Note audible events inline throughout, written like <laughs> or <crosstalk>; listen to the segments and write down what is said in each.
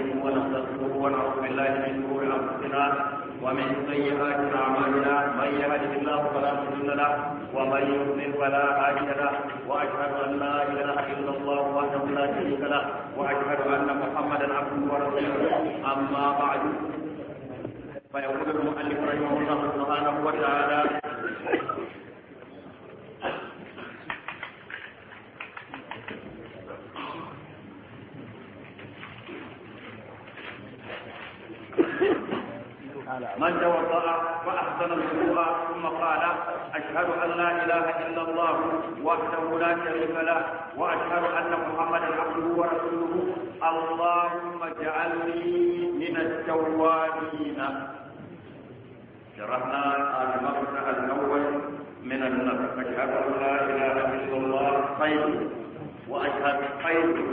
نستعينه ونستغفره ونعوذ بالله من شرور انفسنا ومن سيئات اعمالنا من يهده الله فلا مضل له ومن يضلل فلا هادي له واشهد ان لا اله الا الله وحده لا شريك له واشهد ان محمدا عبده ورسوله اما بعد فيقول المؤلف رحمه الله سبحانه وتعالى من توضا فاحسن الوضوء ثم قال اشهد ان لا اله الا الله وحده لا شريك له واشهد ان محمدا عبده ورسوله اللهم اجعلني من التوابين شرحنا المقطع الاول من النص اشهد ان لا اله الا الله خير واشهد خير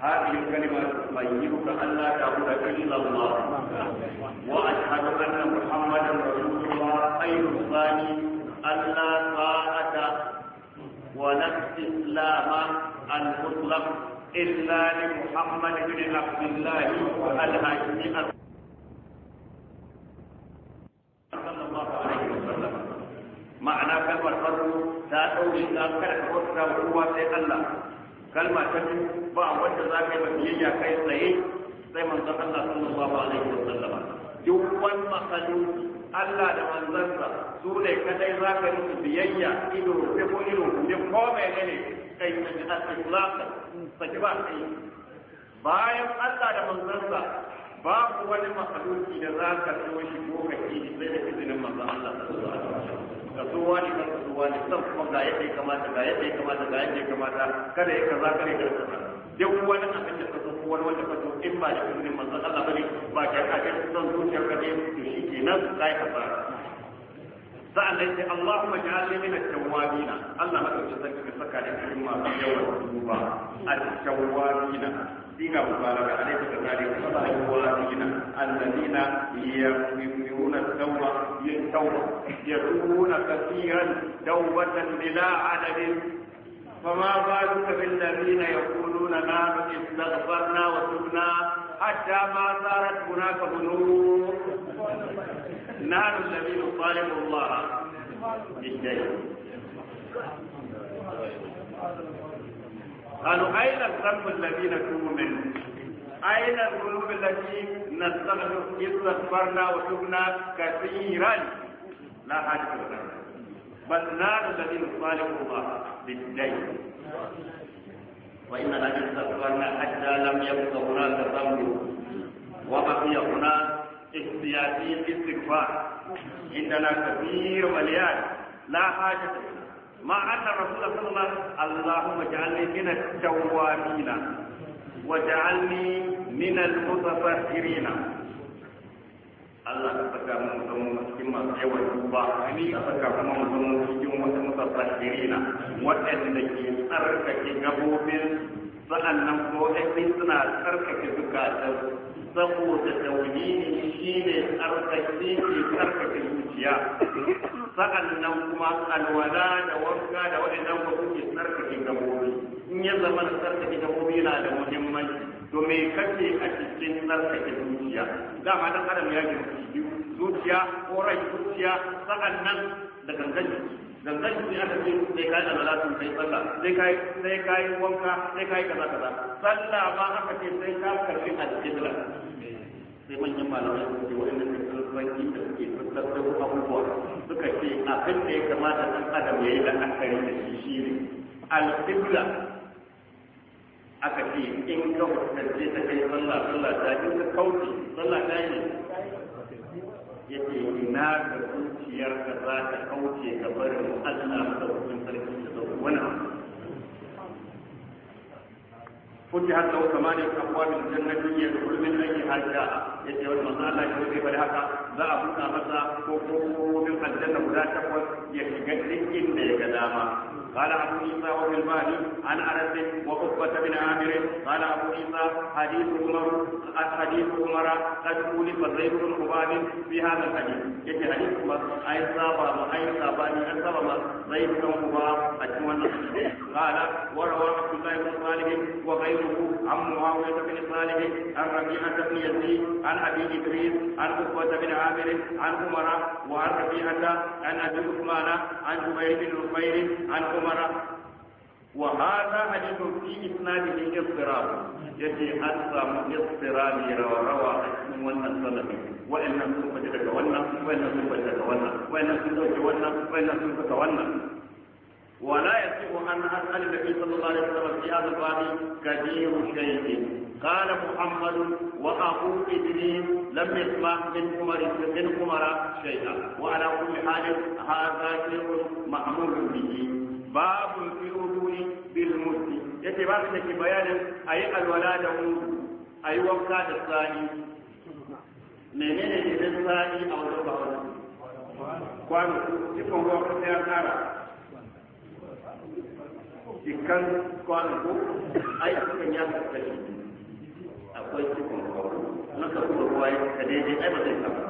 هذه الكلمة تطيبك أن لا تعبد إلا الله وأشهد أن محمدا رسول الله خير الثاني أن لا طاعة ولا استسلام المطلق إلا لمحمد بن عبد الله الهاشمي صلى الله عليه وسلم معنى كلمة الفضل لا تولي لا كلمة أخرى هو الله kalma ta biyu ba wanda za ka yi ba biyayya kai tsaye sai manzon Allah sallallahu alaihi wa sallam duk wani makhluki Allah da manzansa su ne kadai za ka yi biyayya ido rufe ko ido rufe ko mai ne kai na ji al-ikhlaq saki ba kai bayan Allah da manzansa babu wani makhluki da za ka yi wani ko ka yi sai da izinin manzon Allah sallallahu alaihi wa sallam ga su wani kan su wani san kuma ga yadda ya kamata ga yadda ya kamata ga yadda ya kamata kada ya kaza kada ya kaza duk wani abin da ka zo wani wanda ka zo in ba da izinin manzon Allah bane ba ka ka ga son zuciyar ka ne to shikenan kai ka fara sa'an nan sai Allahumma ja'alni min at-tawwabin Allah madaukakin sarki ka saka ni cikin masu yawan tuba at-tawwabin فيها مبالغة أليس كذلك الوالدين الذين يكفرون التوبة للتوبة يكونون كثيرا توبة بلا عدد فما بالك بالذين يقولون نحن استغفرنا وتبنا حتى ما صارت هناك بنور نحن الذين نطالب الله بالشيء قالوا أين الذنب الذي نتوب منه أين الذنوب التي نستغفر إذ استغفرنا وتبنا كثيرا لا حاجة لنا بل نحن الذين نصالح الله بالدين وإننا إذ استغفرنا حتى لم يبق هناك ذنب وبقي هناك احتياطي استغفار عندنا كثير مليان لا حاجة لنا ما أن الرسول صلى الله عليه وسلم اللهم اجعلني من التوابين واجعلني من المتفكرين Allah ka saka mu zama cikin masu yawan duba ni ka saka kuma mu zama cikin wasu mutafakirina waɗanda ke tsarkake gabobin sa'annan ko ɗin suna tsarkake zukatansu saboda tauhidi shine tsarkake shi tsarkake zuciya sa'annan kuma alwala da wanka da waɗannan ba suke tsarkake gabobi in ya zama da tsarkake gabobi yana da muhimmanci to me kace a cikin tsarkake zuciya dama dan adam ya girki zuciya ko rai zuciya sa'annan da gangan jiki da zaki ne aka ce sai kai alwala sun kai sallah sai kai sai kai wanka sai kai kaza kaza sallah ma aka ce sai ka karbi al-qibla sai manyan malamai su ce wa'in da suke banki da suke fassarta abubuwa suka ce abin da ya kamata ɗan adam ya yi la'akari da shi shi ne al-qibla aka ce in ka hukunce ta kai sallah sallah ta in ka kauce sallah ta yi yake ina ga zuciyar da za ta kauce ga barin Allah da hukun sarki da zaune wani abu. Kuti har kama ne kafuwa min jannatin ya da hulmin aiki har ya ce wani masu Allah ya zai bari haka za a buɗa masa ko ko min aljanna guda takwas ya shiga duk inda ya ga dama قال أبو عيسى وفي الباني عن أنس وعقبة بن عامر قال أبو عيسى حديث عمر حديث عمر قد أولف زيد بن حباب في هذا الحديث يجي حديث عمر أي صابا أي صاباني أن صابا زيد بن حباب أجمل قال وروى عبد الله بن صالح وغيره عن معاوية بن صالح عن ربيعة بن يزيد عن أبي إدريس عن عقبة بن عامر عن عمر وعن ربيعة عن أبي عثمان عن جبير بن عن عمر umara wa hada hadithun fi isnadihi istirab yace an samu istirabi rawa rawa a cikin wannan sanadi wa'annan sun fita daga wannan wa'annan sun fita daga wannan wa'annan sun dauke wannan wa'annan sun daga wannan ولا يصح أن أسأل النبي صلى الله عليه وسلم في هذا الباب كثير شيء قال محمد وأبو إدريس لم يسمع من عمر من عمر شيئا وعلى كل حال هذا شيء مأمور به babu fi wudu'i bil musti Yake ba da ke bayanin ayi alwala da mu. ayi wanka da sani menene ne da sani a wurin ba wannan kwano cikin ruwa ko sai kara cikin kwano ko ai cikin ya kaskace akwai cikin ruwa na ka kuma ruwa ya ka daidai ai ba zai kama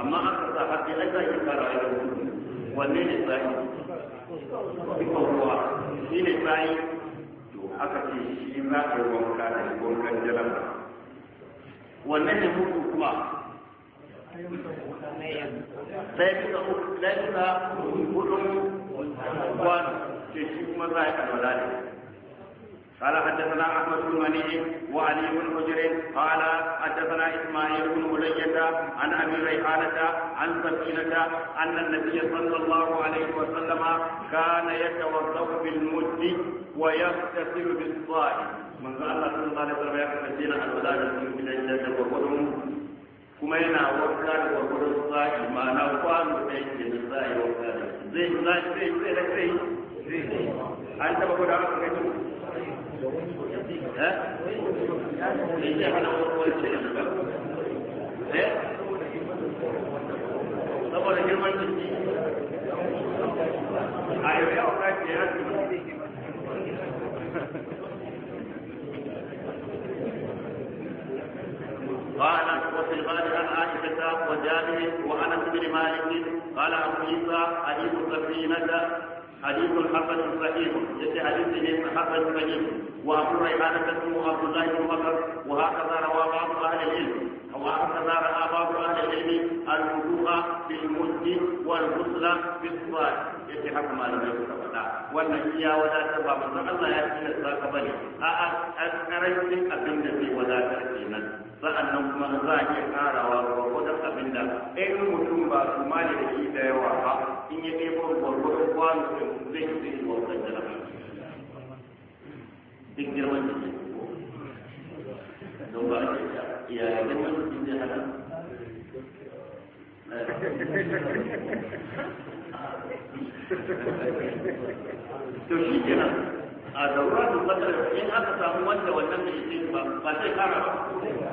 amma aka sa har sai ai za ki fara ayyukan wanne ne sani dukkan ruwa shi ne bayi to aka ce shi za ka yi wanka da wankan jalaba wannan ne mutu kuma sai bisa uku sai ce shi kuma za a yi alwala ne قال حدثنا احمد بن منيع وعلي بن حجر قال حدثنا اسماعيل بن بلية عن ابي ريحانة عن سكينة ان النبي صلى الله عليه وسلم كان يتوضا بالمد ويغتسل بالصائم من قال الله صلى الله عليه وسلم يغتسل الولاد المؤمنين جدا وقدهم kuma yana wanka da gwargwadon sa'i ma'ana kwano da yake da sa'i wanka da zai zai zai zai zai an taba gudanar da kai ها؟ إيه؟ أيوة، قال وفي الغالب عن عائشة وجابر وأنس بن مالك قال أبو عيسى حديث سفينة حديث حسن صحيح يأتي حديث حسن صحيح وأبو ريحانة اسمه عبد الله بن بكر وهكذا روى بعض أهل العلم وهكذا رأى بعض أهل العلم الوضوء في المسجد والغسل في الصلاة يأتي حكم على ذلك wannan iya wadatar ba manzon Allah ya tilasta ka bane a'a a karancin abin da zai wadatar kenan sa'annan kuma za a iya karawa gwargwadon abin da ɗayan mutum ba su ma da shi da yawa ba in ya ɗebo kwano zai yi zai yi duk girman da ke don ba a ce ya yi girman da eh. <laughs> to shi kenan a da qadr in aka samu wanda wannan da yake ba ba sai kara ba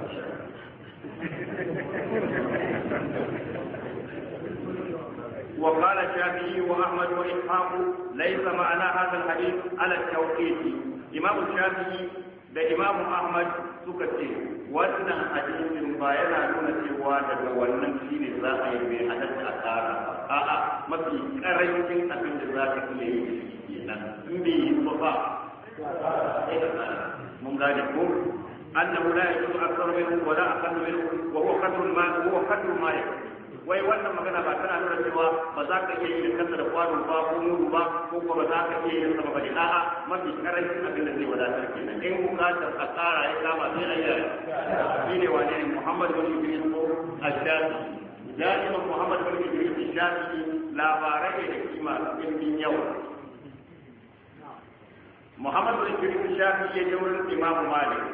وقال الشافعي واحمد واسحاق ليس معنى هذا الحديث على التوقيت امام الشافعي da imam ahmad suka ce wannan hadisin ba yana nuna cewa daga wannan shi ne za a yi mai halatta a kara a'a mafi karancin abin da za ka iya yi kenan in bai yi ba ba mun gane ko annahu la yajuzu akthar minhu wa la aqall minhu wa huwa qadru ma huwa qadru ma wai wannan magana ba tana nuna cewa ba za ka iya yin kansa da kwano ba ko mudu ba ko kuma ba za ka iya yin sama ba ne a'a mafi karancin abin da zai wadatar kenan in bukatar a tsara ya kama sai a yi shi ne wane ne muhammad bin idris ko ashadi دائما محمد بن ادريس الشافعي لا بارك لك فيما يمكن يوم muhammadu da kirin shafi ya je wurin imamu malik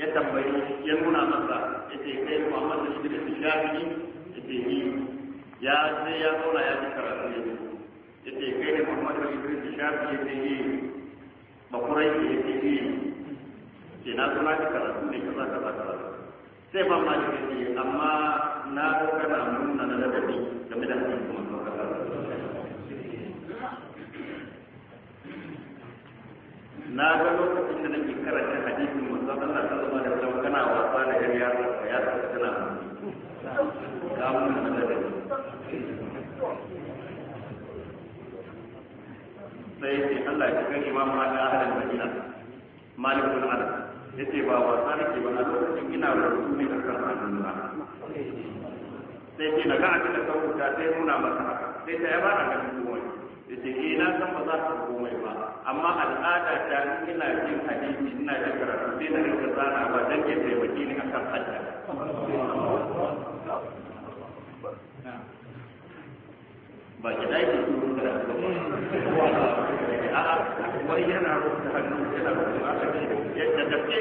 ya tambayi ya nuna masa ya ce kai muhammadu da kirin shafi ya ce ni ya ce ya zauna ya ji karatu ya ya ce kai ne muhammadu da kirin shafi ya ce ni bakurai ya ce ni ce na zama ji karatu ne kaza kaza kaza sai ban ma ya ce amma na kana nuna na ladabi game da hadisi na ga lokacin da nake karanta hadisin manzo Allah sallallahu alaihi wasallam kana wasa da yar yar ya tsana ka mun da sai ce Allah ya kare ma ma ahlul madina malikul arab yace ba wasa nake ba a lokacin ina rubutu ne akan Allah sai ce daga abin da sauka sai nuna masa sai ta yaba da wani yace eh na san ba za ka komai ba amma al'ada ta ina jin hadisi ina da karatu sai na rinka tsara ba dan ke taimake ni akan hajja ba ki dai ki turu da a'a wai yana rubuta hannu yana rubuta aka ce yadda da ke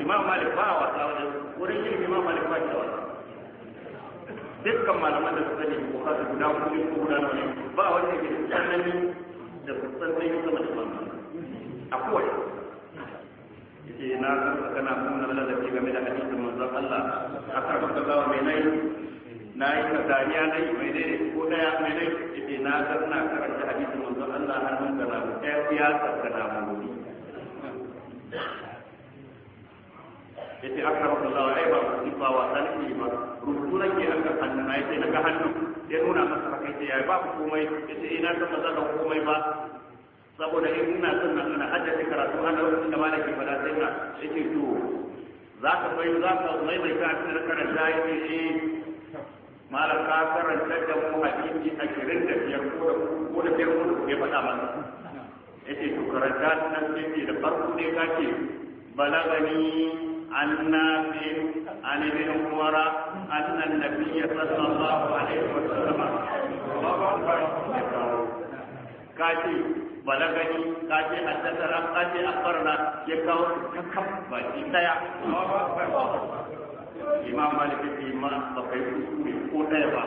imam malik ba wa tsawon wurin yin imam malik ba ke wa dukkan malaman da suka ne ko kasu guda kuma ko guda ne ba wanda yake da tsanani da kusan tsanani sama da wannan a kowace yace na karɓa kana kuma na da lalace game da hadisin manzon Allah a karɓa kaza wa mai nayi na yi dariya na yi mai dai ko daya mai dai yake na karna karanta hadisin manzon Allah har mun gana mu ɗaya ya tsakana mu yake yace akramakallahu ai ba ku ba wa sanki ba ga hannu na yace na ga hannu ya nuna masa haka yace yayi babu komai yace ina eh, san ba zan komai ba saboda in ina son na hajja ta karatu ana wani da malaki da sai na yace to za ka bai za ka mai mai ka tsira tun karanta yace eh malam ka karanta da mu hadisi biyar ko da ko da biyar ko da ke faɗa masa yace to karanta nan ne da farko ne kake balagani عن نافع عن ابن عمر أن النبي صلى الله عليه وسلم kace balagani kace haddasa kace akbarna ya kawo kakkaf baki daya imam malik bi ma ba ko daya ba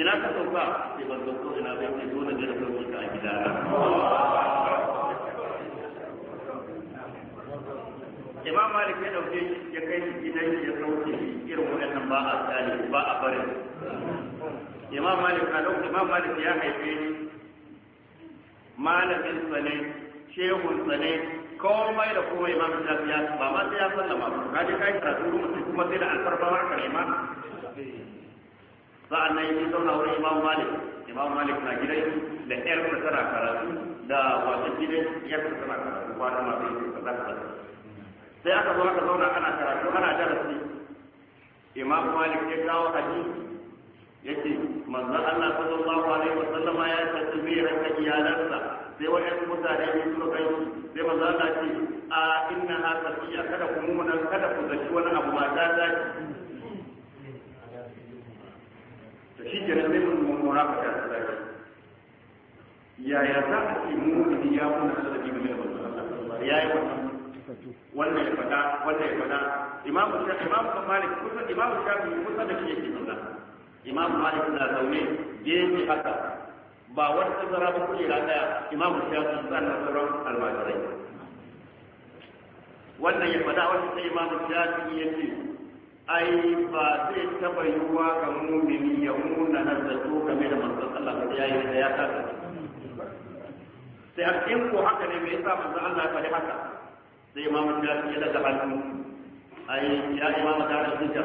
ina ka sauka sai ban zo ina zai dole ne da sauki a gidana imam malik ya dauke shi ya kai shi gidan ya sauke shi irin wannan ba a tsali ba a barin imam malik a lokacin imam malik ya haife ni malamin sane shehun sane komai da kuma imam shafi ya ba ma sai ya sallama ba ka je kai karatu mutum kuma sai da alfarma ma ka nema sa'an nan yi zauna wurin imam malik imam malik na gidan da ƴar tsara karatu da wasu gidan ƴar tsara karatu ba da masu yi kaza kaza sai aka zo aka zauna ana karatu ana darasi imam malik ya kawo hadisi yake manzon Allah sallallahu alaihi wasallam ya tace zai ranka iyalansa sai wayan mutane ne suka kai sai manzon Allah ce a inna haka iya kada ku munan kada ku zaci wani abu ma ta ta to shi ke sai mun mura ka ta ta yaya za a ce mu ya kuma da jibi ne manzon Allah ya yi wannan wannan ya faɗa wannan ya faɗa imam imam malik kusa imam shafi kusa da shi yake zauna imam malik na zaune gefe haka ba wani tazara ba kujera daya imam shafi sannan sauran almajirai wannan ya faɗa wani sai imam shafi ya ce ai ba zai taɓa yiwuwa ga mumini ya nuna nan da to game da manzon Allah ba ya yi da ya kasa sai a ko haka ne me yasa manzon Allah ya faɗi haka sai imamu shafi ya daga hannu ai ya imamu ta hajjija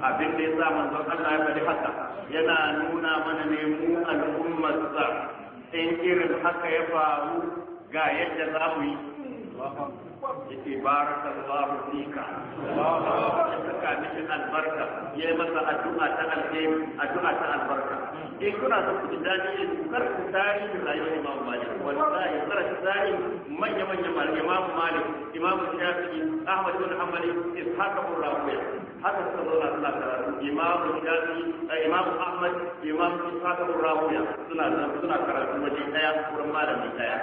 abin da ya sa Allah ya faɗi haka yana nuna mana ne mu al'ummarsa in irin haka ya faru ga yadda za mu yi yake baraka Allahu fika saka mishin albarka ya masa addu'a ta alheri addu'a ta albarka ke eh, kuna so kudi dadi ne ku karku tarihi rayuwar Imam Malik wallahi kar ku tarihi manya manya malik Imam Malik Imam Shafi'i Ahmad bin Hanbali Ishaq bin Rawiya haka suka zauna suna karatu Imam Shafi'i eh, Imam Ahmad Imam Ishaq bin suna suna karatu waje daya wurin malami daya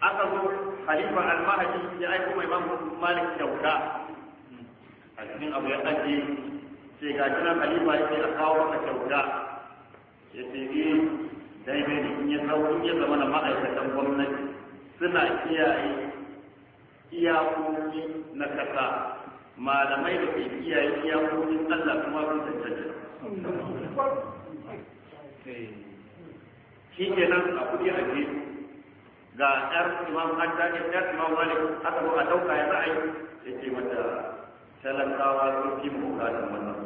aka zo khalifa al-mahdi ya aiko mai mamu malik kyauta a cikin abu ya ake sai ga jinan khalifa ya ce a kawo maka kyauta ya ce eh daidai ne in ya in ya zama na ma'aikatan gwamnati suna kiyaye iyakoki na kasa malamai da ke kiyaye iyakokin Allah kuma sun tantance shi kenan a kudi a jesu ga ɗar imam an tashi ɗar imam malik aka zo a dauka ya ra'ayi ya ce mata talakawa sun fi mu bukatar wannan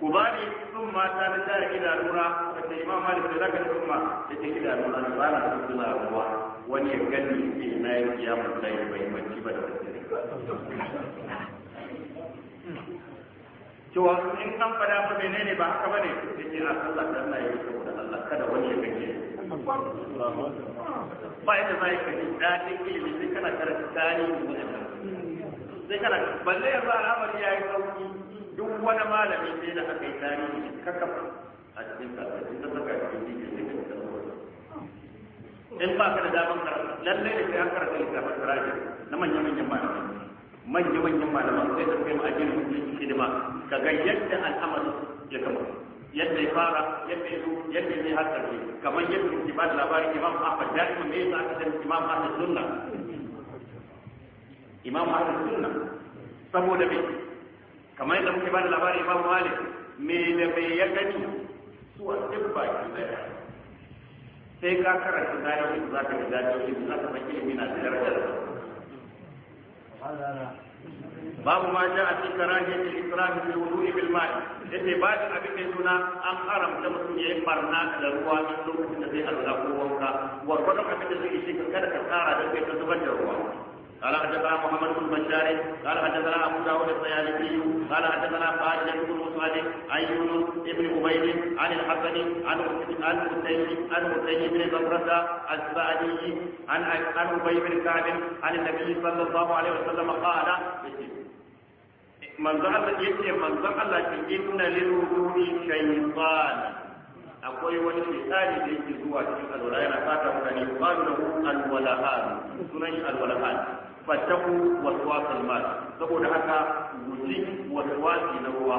ku ba ni sun mata na tare idanuna wata imam malik da zaka sun ma ya ce idanuna ba na sun suna ruwa wani ya gani ke na yi kiyamar da bai manci ba da wasu cewa in an fada fa menene ba haka bane yake a ah, Allah da Allah ya yi saboda Allah kada wani ya kake ba ita za ka ji daɗin ilimi sai kana karanta tarihin da. sai kana balle yanzu al'amari ya yi sauki duk wani malami sai da kai yi Ka kakkafa a cikin kasuwanci ka saka cikin jiki in ba ka da daman karatu Lalle da sai an karanta littafin tarihi na manyan manyan malamai manya manyan malaman sai sun kai mu addinin musulunci hidima ka ga yadda al'amarin ya kama yadda ya fara yadda ya zo yadda ya har karfi kamar yadda ke ba da labarin imam ahmad da'ima me yasa aka san imam ahmad sunna imam ahmad sunna saboda me kamar yadda muke ba da labarin imam malik me da me ya gani su a duk ki daya sai ka karanta tarihi za ka ga dadi za ka san ilimi na da darajar babu ma ja a cikin karahiyar israfi fil wudu'i bil ma'i yace ba da abin da suna an haramta mutum yayi barna da ruwa a lokacin da zai alwala ko wanka wa kada ka fita zai shi kada ka tsara da kai ka zubar da ruwa قال حدثنا محمد بن بشار قال حدثنا ابو داود الطيالسي قال حدثنا خالد بن مسعد عن يونس بن عبيد عن الحسن عن عن حسين عن حسين بن زبرة السعدي عن عن ابي بن كعب عن النبي صلى الله عليه وسلم قال من Allah ya من manzo Allah ce inna lirruhi shaytan akwai wani misali da yake zuwa cikin alwala yana fata mutane ba da hukun alwalahan sunan alwalahan fattaku waswasan mal saboda haka guji waswasi na ruwa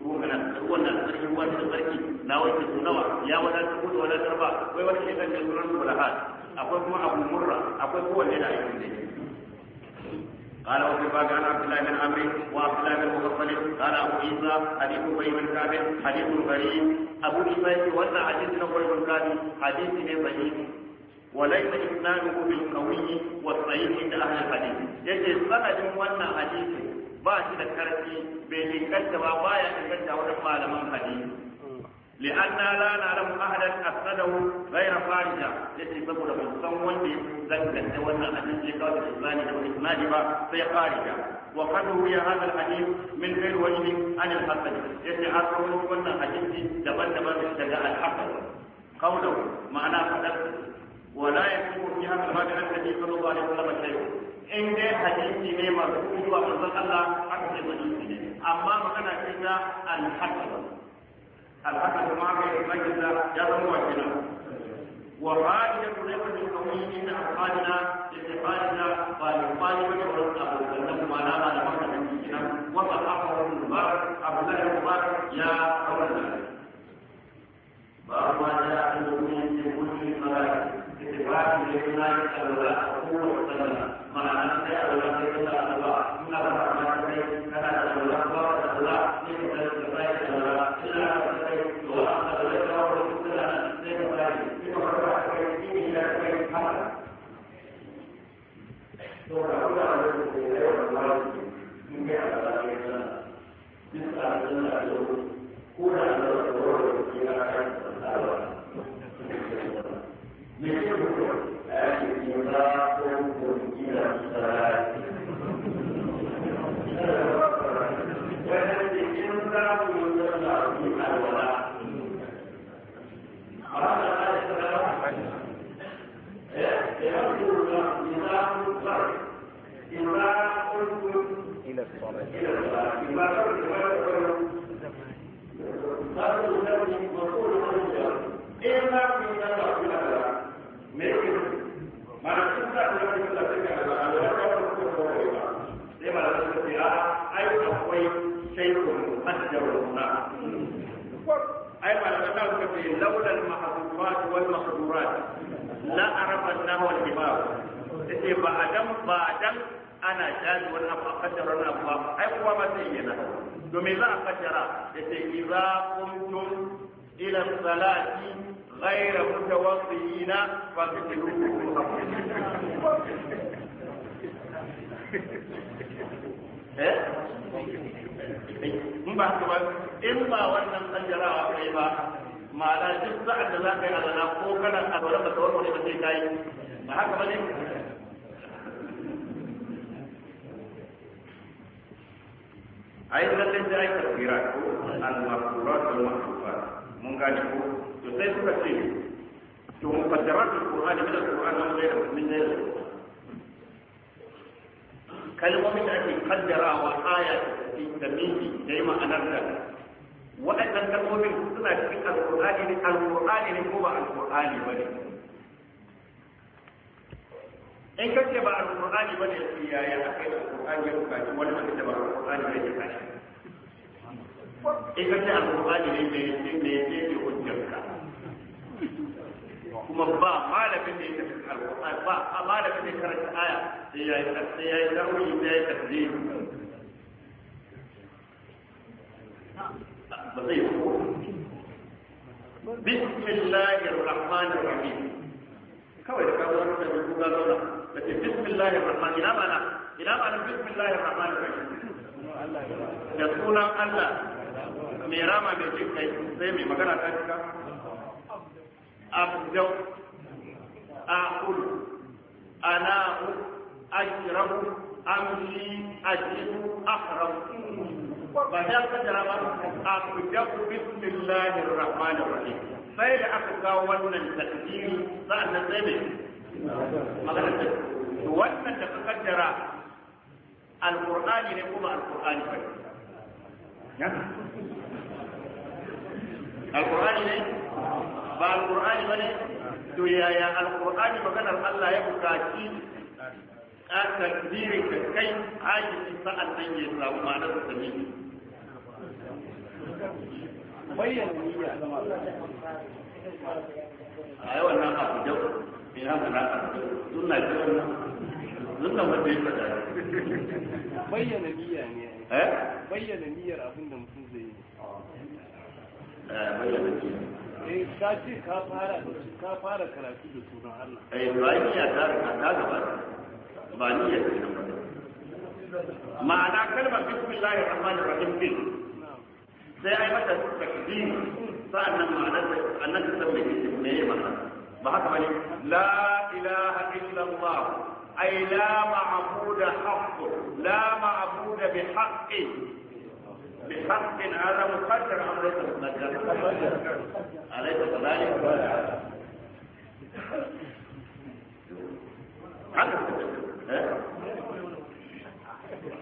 ruwan na tsarki ruwan na tsarki na wanke su nawa ya wadatar ko da wadatar ba wai wani shekan da ruwan bulahat akwai kuma abu murra akwai kowanne da aikin da yake قال وفي بكر عن عبد الله بن عمرو وعبد الله بن مغفل قال ابو عيسى حديث ابي بن كعب حديث غريب ابو عيسى وزع حديث ابي بن كعب حديث من ضعيف وليس إسناده بالقوي والصحيح عند أهل الحديث يجي سند وانا حديث باشي ذكرتي بين كتب بايا كتب ولما لم الحديث لأننا لا نعلم أحدا أفسده غير خارجة التي سبب مستوى ذكرت وانا حديث لقاء الإسلام والإسناد في خارجة وقد روي هذا الحديث من غير وجه عن الحسن يتعرض وانا حديث دبن دبل الحسن قوله معناه حدث Wana يكون في هذا المجال النبي صلى الله عليه وسلم شيء in dai hadisi ne masu zuwa manzon Allah aka ce hadisi ne amma magana ce ta al-hakim al-hakim ma ga majalla ya zama wakila wa hajjatu rabbil qawiy min afadina istiqalina wa al-qalib min rasul na alaihi wa sallam kina wa sahabahu mubarak abdullah ya qawla babu ma ja'a min kulli berarti dia menarik adalah Allah SWT. Mana saya adalah dia adalah Allah. Mengapa? la arafa na al himar sai ba adam ba dan ana jani wani abu a kaddara wani abu ai kowa ma sai yana domin za a kaddara yace iza kuntum ila salati غير متوضئين فاغسلوا in ba in ba wannan kanjarawa kai ba ma'ana duk sa'ad da za ka yi alwala ko kana alwala ba ta warware ba sai ka yi ba haka ba ne a yi lallai da aka tsira ko al makura, da mun gane ko to sai suka ce to mufaddarat al-qur'ani min al-qur'an wa ghayr min kalmomin da ake kaddarawa aya da miki da ma'anar da waɗannan kalmomin suna cikin alƙur'ani ne alƙur'ani ne ko ba alƙur'ani ba ne in ka ce ba alƙur'ani ba ne su yaya a kai alƙur'ani ya bukaci wani wanda da ba alƙur'ani ya ke in ka ce alƙur'ani ne mai ne mai ce ne hujjarka kuma ba malamin da ya tafi alƙur'ani ba a malamin da ya karanta aya sai ya yi sai ya yi tarwiyyi sai ya yi tafsiri ba zai ko bismillahir rahmanir rahim kawai da kawo wani da ku ga zauna da ce bismillahir rahman ina mana ina mana bismillahir rahmanir rahim da sunan Allah mai rama mai jin kai sai mai magana ta cika abdau ana'u amshi ba ta kaddara ba abdaku bismillahir rahmanir rahim sai da aka kawo wannan takdiri sa'annan sai ne magana ce wannan da ka kaddara alqur'ani ne kuma alqur'ani ba alqur'ani ne ba alqur'ani ba ne to yaya alqur'ani maganar Allah ya bukaci ka takdirin ka kai ajibi nan ya samu ma'anar da ne bayyana niyya a yawan nan abu da ina mana sunna ce na sunna wanda ya fada bayyana niyya ne eh bayyana niyyar abin da mutum zai yi eh bayyana niyya eh ka ce ka fara ka fara karatu da sunan Allah eh ba niyya ta ta gaba ba niyya ce ma'ana kalmar bismillahir rahmanir rahim din إيه لا اله الا الله اي لا معبود حق لا معبود بحق بحق هذا مقدر امرك المقدر اليس كذلك؟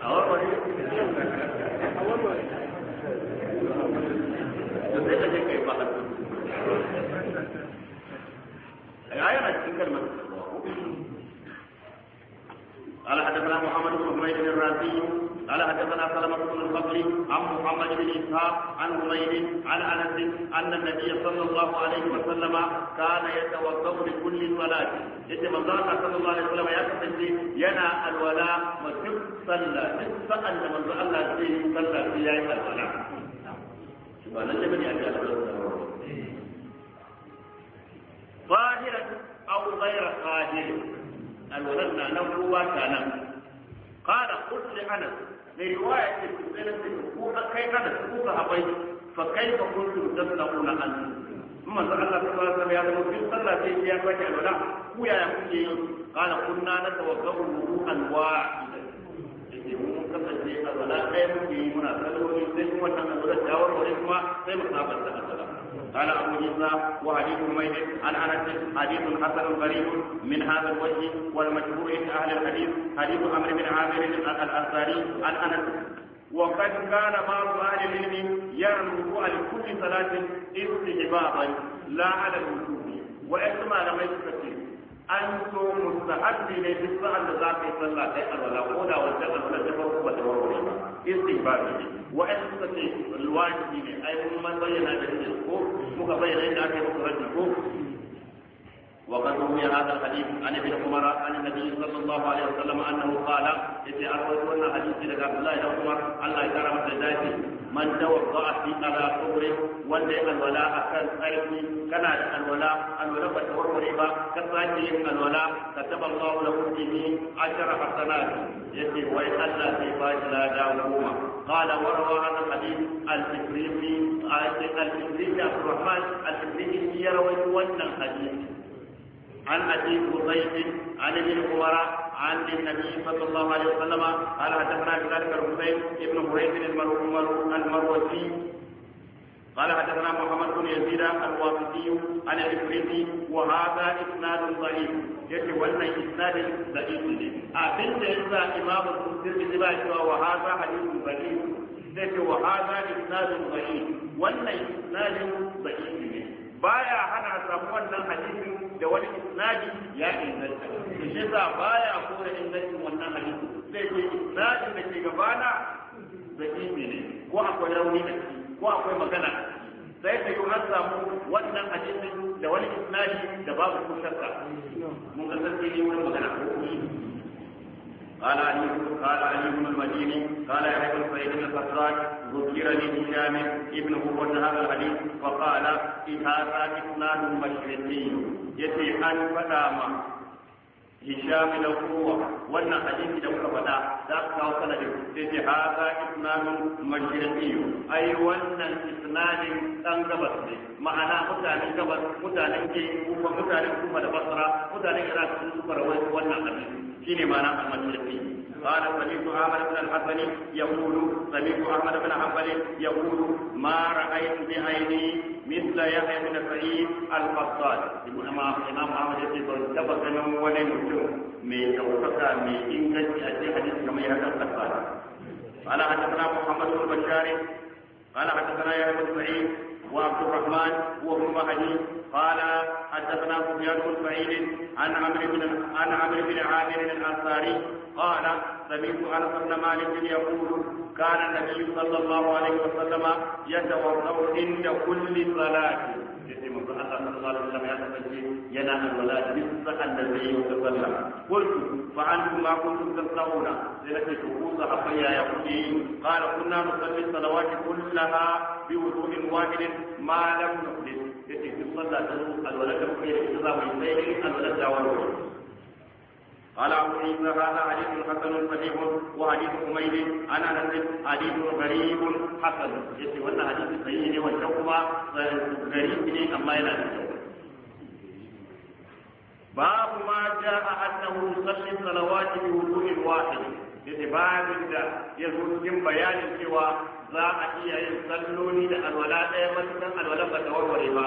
هذا هو الآية تلك المسألة قال حدثنا محمد بن حميد الرازي قال حدثنا سلمة بن الفضل عن محمد بن اسحاق عن حميد عن انس ان النبي صلى الله عليه وسلم كان يتوضا لكل صلاه يتي من صلى الله عليه وسلم يكتب ينا الولاء وتب صلى تب ان من الله في صلى في الولاء. سبحان الله بني ابي ظاهرة أو غير ظاهر الولد له وكان قال قلت لأنس لرواية المسألة كوكا كيف نسقوك هبين فكيف قلت تسلقون أنس ثم سأل الله صلى الله عليه وسلم في رب صلى في يا وجه يا ويا قال قلنا نتوقع وضوءا واحدا mun kasance a zala ɗaya muke yi muna salolin sai kuma wannan a zala shawarwarin kuma sai mu saba da asala قال أبو جزا وحديث حميد عن أنس حديث حسن غريب من هذا الوجه والمشهور عند أهل الحديث حديث أمر بن عامر الأنصاري عن أنس وقد كان بعض أهل العلم يعرف على كل صلاة استحبابا لا على الوجوب وإنما لم يستطيع an so mustahabbi ne duk sa'an da za ka yi sallah kai alwala ko da wanda alwala ta farko ba ta warware ba istighfari ne wa'anda suka ce wajibi ne ai mun bayyana da ko muka bayyana da aka yi muku ko وقد روي هذا الحديث عن ابن عمر عن النبي صلى الله عليه وسلم انه قال اذا ارويت ان حديث لك عبد الله بن عمر الله يكرم سيداتي من توضا في على قبره ولي الولاء كان سيدي كان الولاء الولاء والتورع با كساكي الولاء كتب الله له به عشر حسنات يتي ويحل في باج لا داوما قال وروى هذا الحديث الفكري الفكري عبد الرحمن الفكري يروي ون الحديث عن أبي قريش عن ابن عمر عن النبي صلى الله عليه وسلم قال حدثنا بذلك الحسين بن حريث المروزي قال حدثنا محمد بن يزيد الواسطي عن العفريتي وهذا اسناد ضعيف يجي ولا اسناد ضعيف لي ابن اذا امام الترمذي بقى وهذا حديث ضعيف يجي وهذا اسناد ضعيف ولا اسناد ضعيف لي بايا هنا سامو wannan hadisin da wani isnadi ya inganta shi shi yasa baya kore ingancin wannan hadisi sai ce isnadi da ke gabana da ibi ne ko akwai rauni da ciki ko akwai magana sai ta yi har samu wannan hadisin da wani isnadi da babu ko mun ga sarki ne wani magana ko قال علي قال علي بن المديني قال يحيى بن سعيد الخزاج ذكر لي لهشام ابن قوة هذا الحديث فقال هذا اسناد مشرقي يتي ان فدام هشام له قوة وانا حديث لو كفدا ذاك كاو سند يتي هذا اسناد مشرقي اي وانا اسناد دان غبس ne ma'ana mutanen gabas mutanen ke kuma mutanen kuma da basra mutanen iraq sun fara wannan hadisi shine ma'ana Ahmad bin Jafi qala sami'tu Ahmad bin al-Hasan yaqulu sami'tu Ahmad bin Hanbal yaqulu ma ra'aytu bi ayni mithla yahya bin Sa'id al-Qattan ibn Imam Ahmad bin Jafi tabaka nan wani mutum mai tawaka mai inganci a cikin hadisi kamar ya ka tsaka qala hadathana Muhammad bin Bashar qala hadathana Yahya bin Sa'id وعبد الرحمن وابن مهدي قال حدثنا سفيان بن سعيد عن عمرو بن عن عمرو بن عامر الانصاري قال سمعت انس بن مالك يقول كان النبي صلى الله عليه وسلم يدعو الثور عند كل صلاه قلت فأنتم ما كنتم تسترون قال كنا نصلي الصلوات كلها بوضوء واحد ma lam nuhlik yati fi sallatin alwalata kuma yake ta zamu sai alwalata wa ruwa kuma gharib ne yace babin da ya zo cikin bayanin cewa za a iya yin salloli da alwala ɗaya matukan alwala ba ta warware ba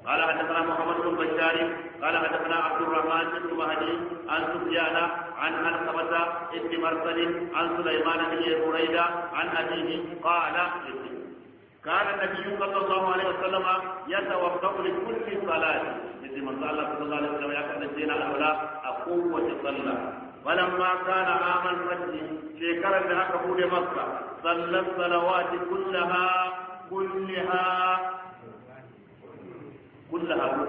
قال حدثنا محمد بن بشار قال حدثنا عبد الرحمن بن مهدي عن سفيان عن علقمة بن مرسل عن سليمان بن بريدة عن أبيه قال كان النبي صلى الله عليه وسلم يتوقف لكل صلاه مثل ما صلى الله عليه وسلم يقول الدين الاولى اقوم وتصلى فلما كان عام الفتح في كرم أكبر مكة صلى الصلوات كلها كلها كلها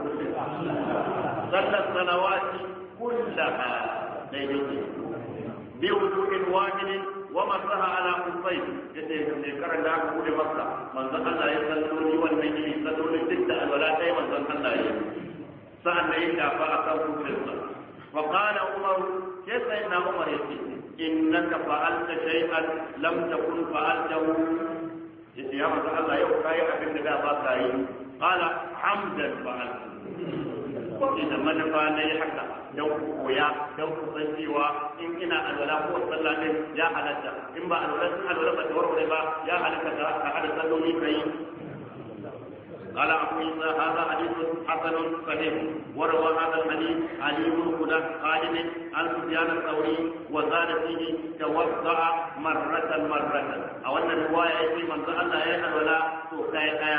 صلى الصلوات كلها بوضوء واحد ومسها على قصيه في كرم أكبر مكة من ذكر الله يصلوني والمجلس صلوني ستة ولا شيء من ذكر الله سأل إلا فأكبر مكة wa qala umar sai sai na umar yace innaka fa'alta shay'an lam takun fa'altahu yace ya manzo Allah yau kai abin da ba yi qala hamdan fa'altu idan manufa na yi haka don ku koya don ku san in ina alwala ko sallah ya halatta in ba alwala sun alwala ba ya halatta ka hada قال أبو عيسى هذا حديث حسن صحيح وروى هذا الحديث علي بن خلف خالد عن سفيان الثوري وزاد فيه توضأ مرة مرة أو أن الرواية في من الله يشهد ولا تؤتى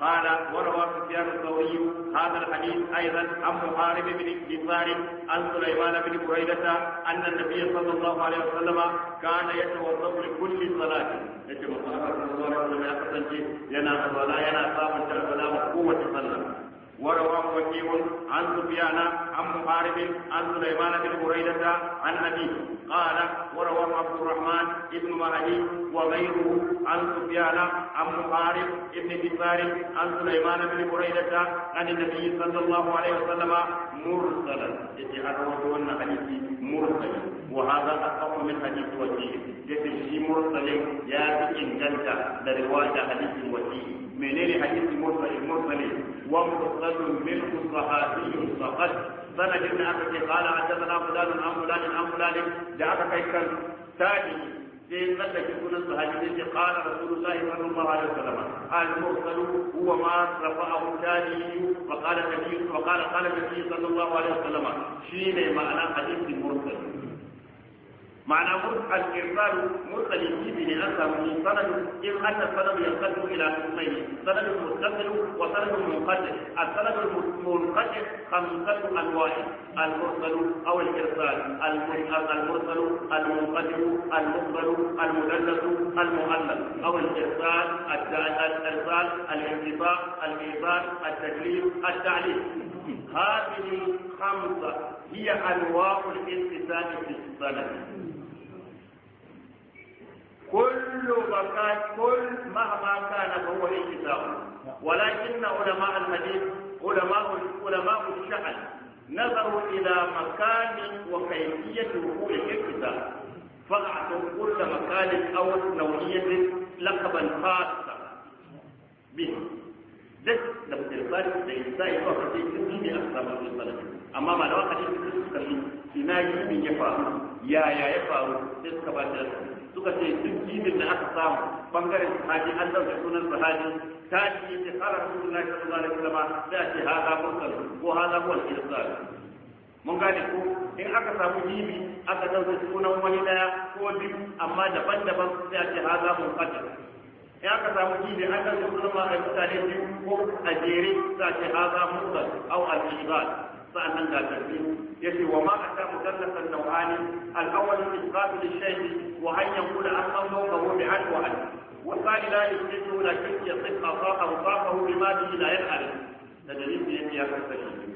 قال وروى سفيان الثوري هذا الحديث ايضا عن محارب بن يسار عن سليمان بن بريدة ان النبي صلى الله عليه وسلم كان يتوضا لكل صلاة يتوضا صلى الله عليه وسلم يا ينا صلاة ينا صلاة قوة صلاة ورواه وكيل عن سفيان عن محارب عن سليمان بن بريدة عن أبي قال وروى عبد الرحمن بن مهدي وغيره عن سفيان عن محارب بن بسار عن سليمان بن بريدة عن النبي صلى الله عليه وسلم مرسلا يجعل رسولنا حديثي مرسلا وهذا أصح من حديث وكيل يجب في مرسل يا إن جلت لرواية حديث وكيل منين حديث مرسل المرسل ومرسل منه صحابي فقط سند ابن أبي قال حدثنا فلان عن فلان عن فلان جاءك كيكا ثاني sai zaka ki sunan sahabi ne qala rasulullahi sallallahu alaihi wasallam al mursalu huwa ma rafa'ahu tani fa qala nabi fa qala qala nabi sallallahu alaihi wasallam shine ma'ana معنى الإرسال مرسل به لأنه سند إذ أن السند ينقسم إلى قسمين سند متصل وسند منقطع السند المنقطع خمسة أنواع المرسل أو الإرسال المرسل المنقطع المقبل المدلس المؤلف أو الإرسال الإرسال الانتفاع الإيثار التكليف التعليم هذه خمسة هي أنواع الاتصال في السند كل بقاء كل مهما كان فهو الكتاب ولكن علماء الحديث علماء علماء الشأن نظروا الى مكان وكيفيه وقوع الكتاب فأعطوا كل مكان او نوعيه لقبا خاصا به duk da musulmani da isa ya zuwa kace من ne a samun musulmani amma malaman hadisi sun suka ina yi ya faru yaya ya faru sai suka ce duk jinin da aka samu bangaren sahabi an dauke sunan sahabi ta ce ce kala rasulullahi sallallahu alaihi wasallam da ce hada kan ko hada wal irsal mun gane ko in aka samu jini aka dauke sunan wani daya ko biyu amma daban-daban sai a ce hada munqadir in aka samu jini an dauke sunan ma a mutane biyu ko a jere sai a ce mu kan au al ba. sa'annan ga tafi yace wa ma ata mudallatan nawani al-awwal isbat lil-shay wa an yanqula an qawluhu bi an wa an wa sa'il la yusidu la kiyya sifqa fa'ahu fa'ahu bima la ya'al da dalilin ne yake ya kasance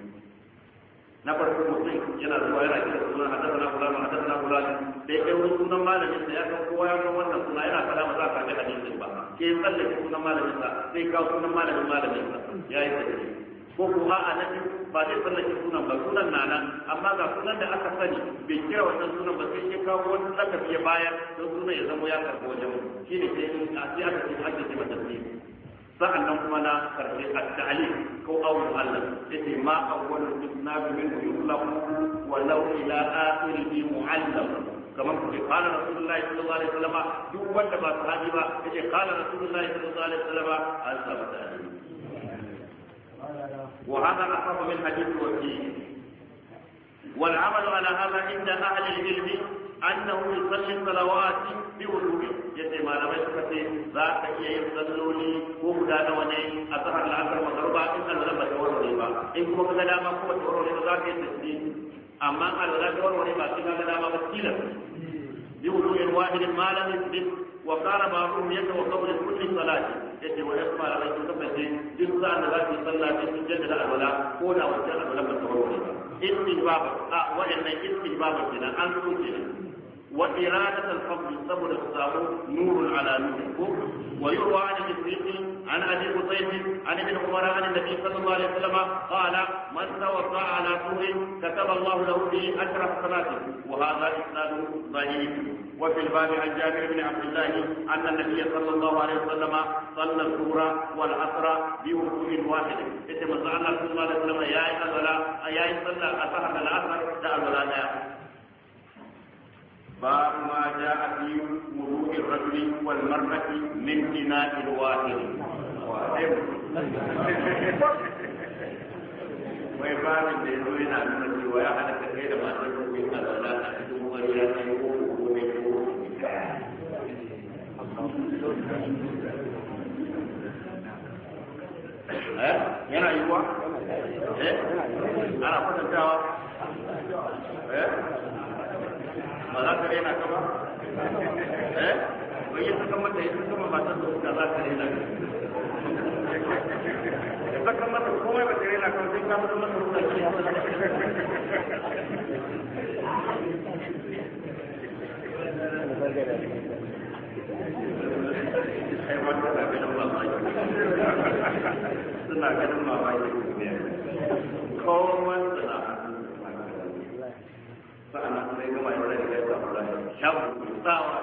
na farko mutum yana zuwa yana kira suna hadasana fulani hadasana fulani da ya kai sunan malamin da ya san kowa ya san wannan suna yana fada ba za ka ga hadisin ba ke tsallake sunan malamin sa sai kawo sunan malamin malamin sa ya yi tafiya ko kuma a annabi ba zai san tsallake sunan ba sunan na nan amma ga sunan da aka sani bai kira wannan sunan ba sai ya kawo wani lakabi ya bayar don sunan ya zama ya karbo wajen shi ne sai a sai aka ce ake ce mata sa'an nan kuma na karshe a ta'ali ko awon Allah ya ce ma awwalul isnadu min yulaqu wa law ila akhirihi mu'allam kamar ku ce kala rasulullahi sallallahu alaihi wasallam duk wanda ba sahabi ba yace kala rasulullahi sallallahu alaihi wasallam an sabata وهذا أصح من حديث الوكيل والعمل على هذا عند أهل العلم أنه يصلي الصلوات بوضوء yace malamai suka ce za ka iya yin salloli ko guda nawa ne a sahar la'asar magarba in alwala ba ta warware ba in kuma ka ga dama ko ba ta warware ba za ka yi tasbih amma alwala ta warware ba sai ka ga dama ba tilas bi wudu'in wahidin ma lam yusbit wa kana ma'ruf yadda wa qawli kulli salati yace wa yasma la rayu kasance duk sa'an da zaki sallah ta cikin da alwala ko da wannan alwala ba ta warware ba istinbab a wa'annan istinbab kenan an so وإرادة الفضل سبب الصابر نور على نور ويروى عن إبريق عن أبي قطيب عن ابن عمر عن النبي صلى الله عليه وسلم قال من توضأ على سور كتب الله له به أجر حسناته وهذا إسناد ضعيف وفي الباب عن جابر بن عبد الله أن النبي صلى الله عليه وسلم صلى الظهر والعصر بوضوء واحد إذا صلى الله عليه وسلم يا إذا يا إذا صلى الأثر الأثر دعا باب ما جاء في مروء الرجل والمرأة من a wani yana yiwuwa? eh ana kwatantawa? eh ba za ka rena ka ba eh wai ya saka mata ya saka mata da ka za ka rena ya saka mata komai ba ta rena ka sai ka saka mata ruwa ki suna ganin mamaki kowa suna sa'an nan sai gama yau shagon tsawa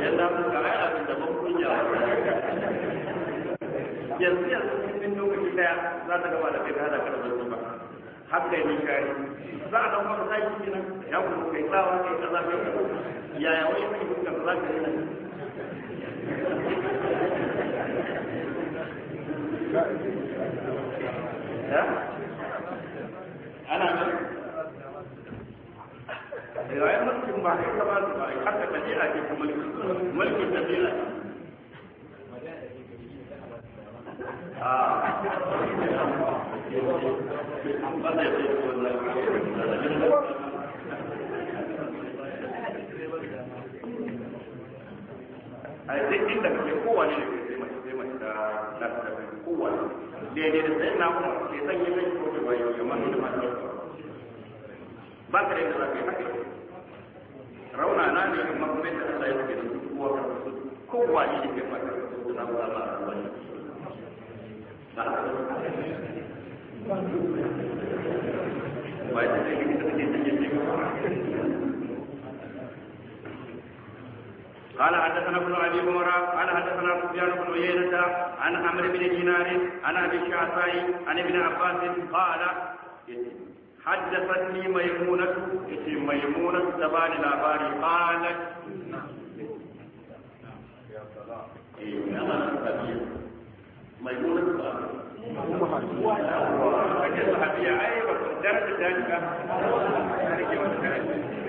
ya samu kamar abin da ban kunya yanzu yanzu cikin lokaci daya za ta gaba da kai ba haka yi kari za a dauka ya kai tsawa kai mai za ka yi nan ana nan rayuwar mutum ba haka ba ba haka tafiya ce kuma mulkin tafiya ah. a duk inda kowane ne zai mace zai mace da kowane daidai da sai na kuma sai san yi mai ko ba yau yamma da ba ba ka da yadda za ka yi haka rauna na ne amma kuma yadda Allah ya rubuta su kowa ka su kowa ne ke kai maka ko na ba ba wani ba yi da ba ya da yake da yake da yake قال حدثنا ابن ابي عمر قال حدثنا سفيان بن عيينه عن عمرو بن دينار عن ابي الشعثاء عن ابن عباس قال حدثتني ميمونة اسم ميمونة تبان الأباري قالت ميمونة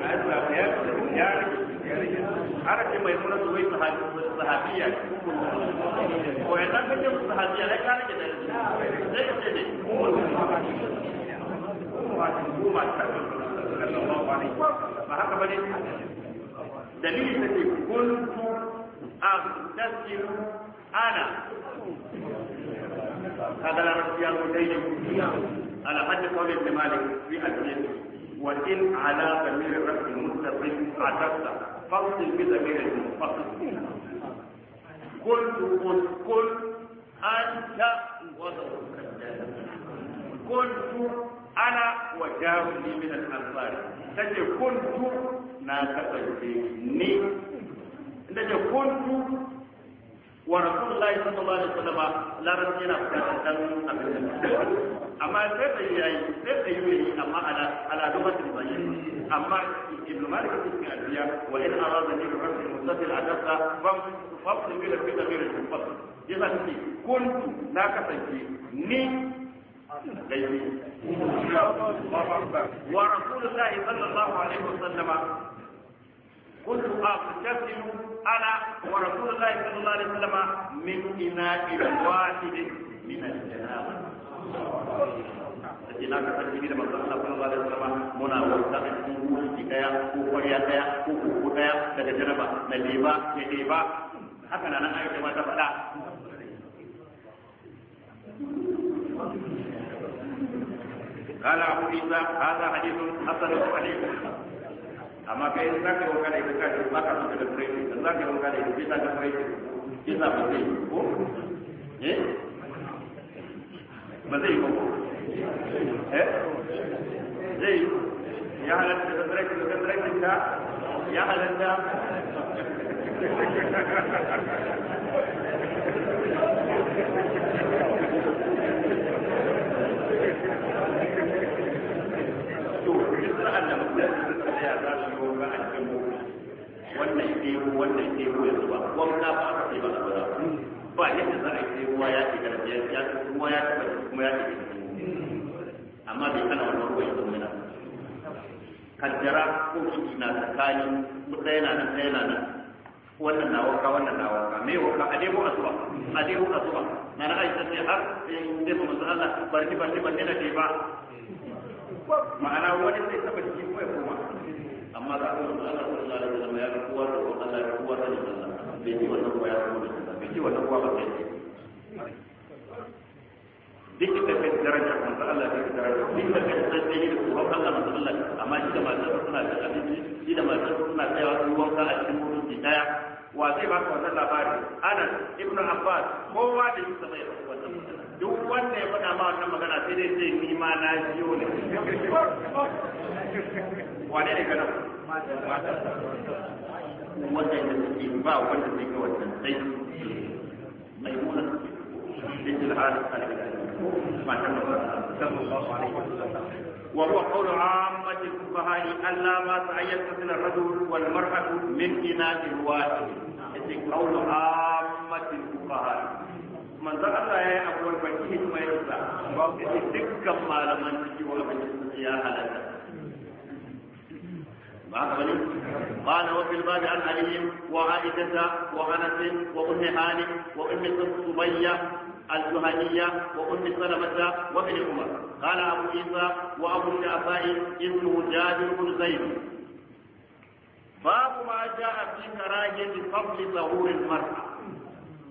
أم arabi mai muna su wai sahabiya ko ya dan kace mu sahabiya ai ka rage da zai ce ne goma sallallahu alaihi wa ba haka bane dalili take kuntu agtasilu ana هذا لا رأي على حد قول ابن مالك في أدلته وإن على ضمير رفع المستقيم عتبت فاصل بضمير المنفصل قلت اسكن أنت وضعك كنت أنا وجاهلي من الأنصار تجي كنت ناكسر ني inda كنت wa rasulullahi sallallahu alaihi wasallam larabci yana bukatar dan abin da amma sai da yayi sai da yayi amma ala ala lugatin bayyin amma ibn malik ibn adiya wa in arada ni rabbi mustafil adasa fam fam bi rabbi tamir al-fasl yasa ni kuntu na kasance ni gaibi wa rasulullahi sallallahu alaihi wasallam كنت أغتسل أنا ورسول الله صلى الله عليه وسلم من إناء واحد من الجنابة Ina ka san da manzon Allah sallallahu alaihi wasallam muna wanda da cikin na ya nan ayyuka da ta faɗa قال أبو عيسى هذا حديث حسن صحيح amma kai in za yi da ita kashi ba ka fita da furaifi in za yi ba zai yi ko eh ba zai yi ko eh zai yi ya halatta da furaifi da ta ya halatta <laughs> wannan ɗebo wannan ɗebo ya zuba ba a ce ba a zuba ba yadda za a yi sai ruwa ya ce garbi ya ce ruwa ya taɓa kuma ya ce amma bai kana wannan ruwa ya zo mana kaddara ko kiki na tsakanin ɗaya na nan ɗaya na nan wannan na wannan na waka me waka a dai a zuba a dai a zuba na na aisha sai har in dai mu Allah barki barki barki na ke ba ma'ana wani sai taba jiki ko ya amma da aka rubuta ana kuma da zama ya kuwa da kuma Allah ya kuwa da Allah bai ji wannan kuwa ya kuwa da Allah bai ji wannan kuwa ba sai duk da kai daraja kan Allah da daraja duk da kai sai sai da kuwa Allah da Allah amma shi da matan suna da abinci shi da matan suna tsayawa su wanka a cikin mutunci daya wa zai baka wannan labari Anas ibnu Abbas kowa da yake mai wannan duk wanda ya faɗa ma wannan magana sai dai sai ni ma na jiyo ne <laughs> wane ne kana waɗanda suke ba wanda zai ga wannan sai mai muna مثل هذا مatan صلى الله عليه وسلم وهو قول عامة الفقهاء ألا ما تعين مثل الرجل والمرأة من إناء واحد قول عامة الفقهاء من ذا الله يا أبو البكير ما يسعى dukkan malaman ciki wa abin ya halatta معقبني قال وفي الباب عن علي وعائشة وأنس وأم هاني وأم سمية الجهنية وأم سلمة وابن عمر قال أبو عيسى وأبو الشعفاء إنه جابر بن زيد باب ما جاء في كراهية فضل ظهور المرأة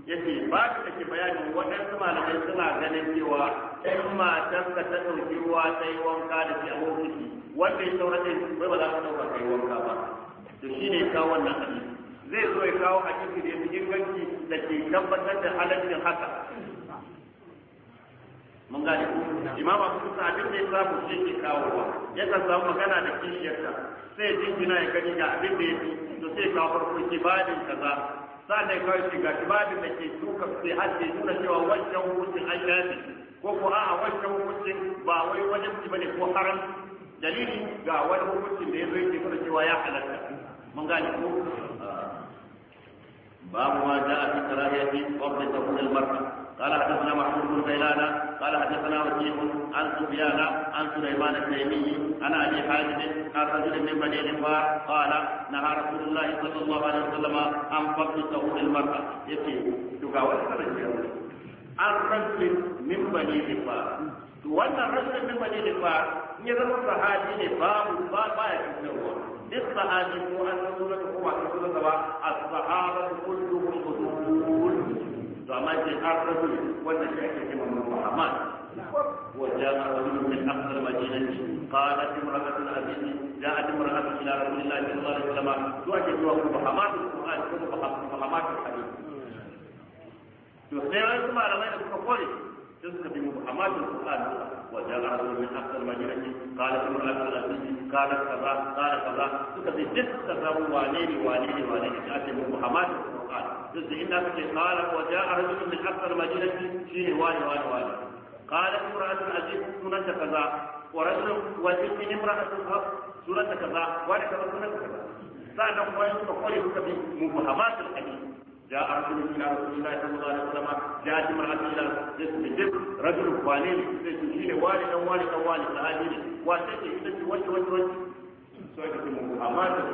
yake ba ka take bayanin waɗansu malamai suna ganin cewa in matarka ta ɗauki ruwa ta yi wanka da ke a wanda ya saura din wai ba za ka dauka kai wanka ba to shine ka wannan hadisi zai zo ya kawo hadisi da yake inganci da ke tabbatar da halaccin haka mun gane ko imam abu kusa abin da ya samu shi ke kawowa yakan samu magana da kishiyarsa sai jingina ya gani ga abin da ya fi to sai kawo farko kibadin kaza sannan kawai shi ga kibadin da ke tuka sai har ke nuna cewa wancan hukuncin an yafi ko ko a'a wancan hukuncin ba wai wajen bane ko haram dalili ga wani hukuncin da ya zo yake kuma cewa ya halatta mun gane ko babu ma ja'a fi karahiyati qabla tawhid al-mar'a قال حدثنا محمود بن غيلان قال حدثنا وكيع عن سفيان عن سليمان التيمي عن ابي حازم عن رجل من بني الانفار قال نهى رسول الله صلى الله عليه وسلم عن فضل سهول المراه يكي An عن رجل من بني الانفار wannan rashin min ne fa ya zama sahaji ne babu ba ba ya fitarwa duk sahaji ko an zama zuwa ko ba san sunan ba a sahaba kulluhum usul to amma ce ar-rasul wannan shi ake cewa Muhammad وجاء رجل من اقصى المدينه قالت امراه العزيز جاءت امراه الى رسول الله صلى الله عليه وسلم تعجب فهمات القران الحديث. ما لم يكن تذكر بمبهمات القرآن وجاء رجل من أقصى المدينة قالت امرأة العزيز قالت كذا قال كذا تكفي جد تذهب وانين وانين وانين تأتي بمبهمات القرآن جد إنها قال وجاء رجل من أقصى المدينة شيء واني واني واني قالت امرأة العزيز سنة كذا ورجل وجدت امرأة سنة كذا وانا كذا سنة كذا سأنا قوانين وقالي بك بمبهمات الحديث جاء رجل الى رسول الله صلى الله عليه وسلم جاءت امراه الى جسم جب رجل والين شيء والد او والد او والد هذه واتيت الى وجه وجه وجه سويت اما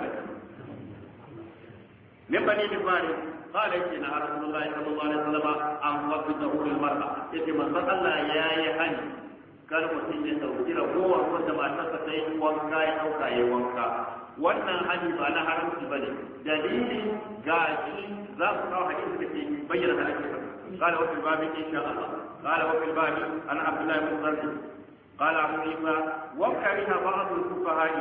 من بني الفارس قال ان رسول الله صلى الله عليه وسلم ان وقته للمراه يجب ان الله يا يهني kar mutum ya dauki ragowar wanda matarsa ta yi wanka ya dauka ya wanka wannan hali ba na haramci bane dalili gashi za ku kawo hadisi da ke bayyana da ake قال وفي الباب ان شاء الله قال وفي الباب عن عبد الله بن زرد قال ابو عيسى وكره بعض الفقهاء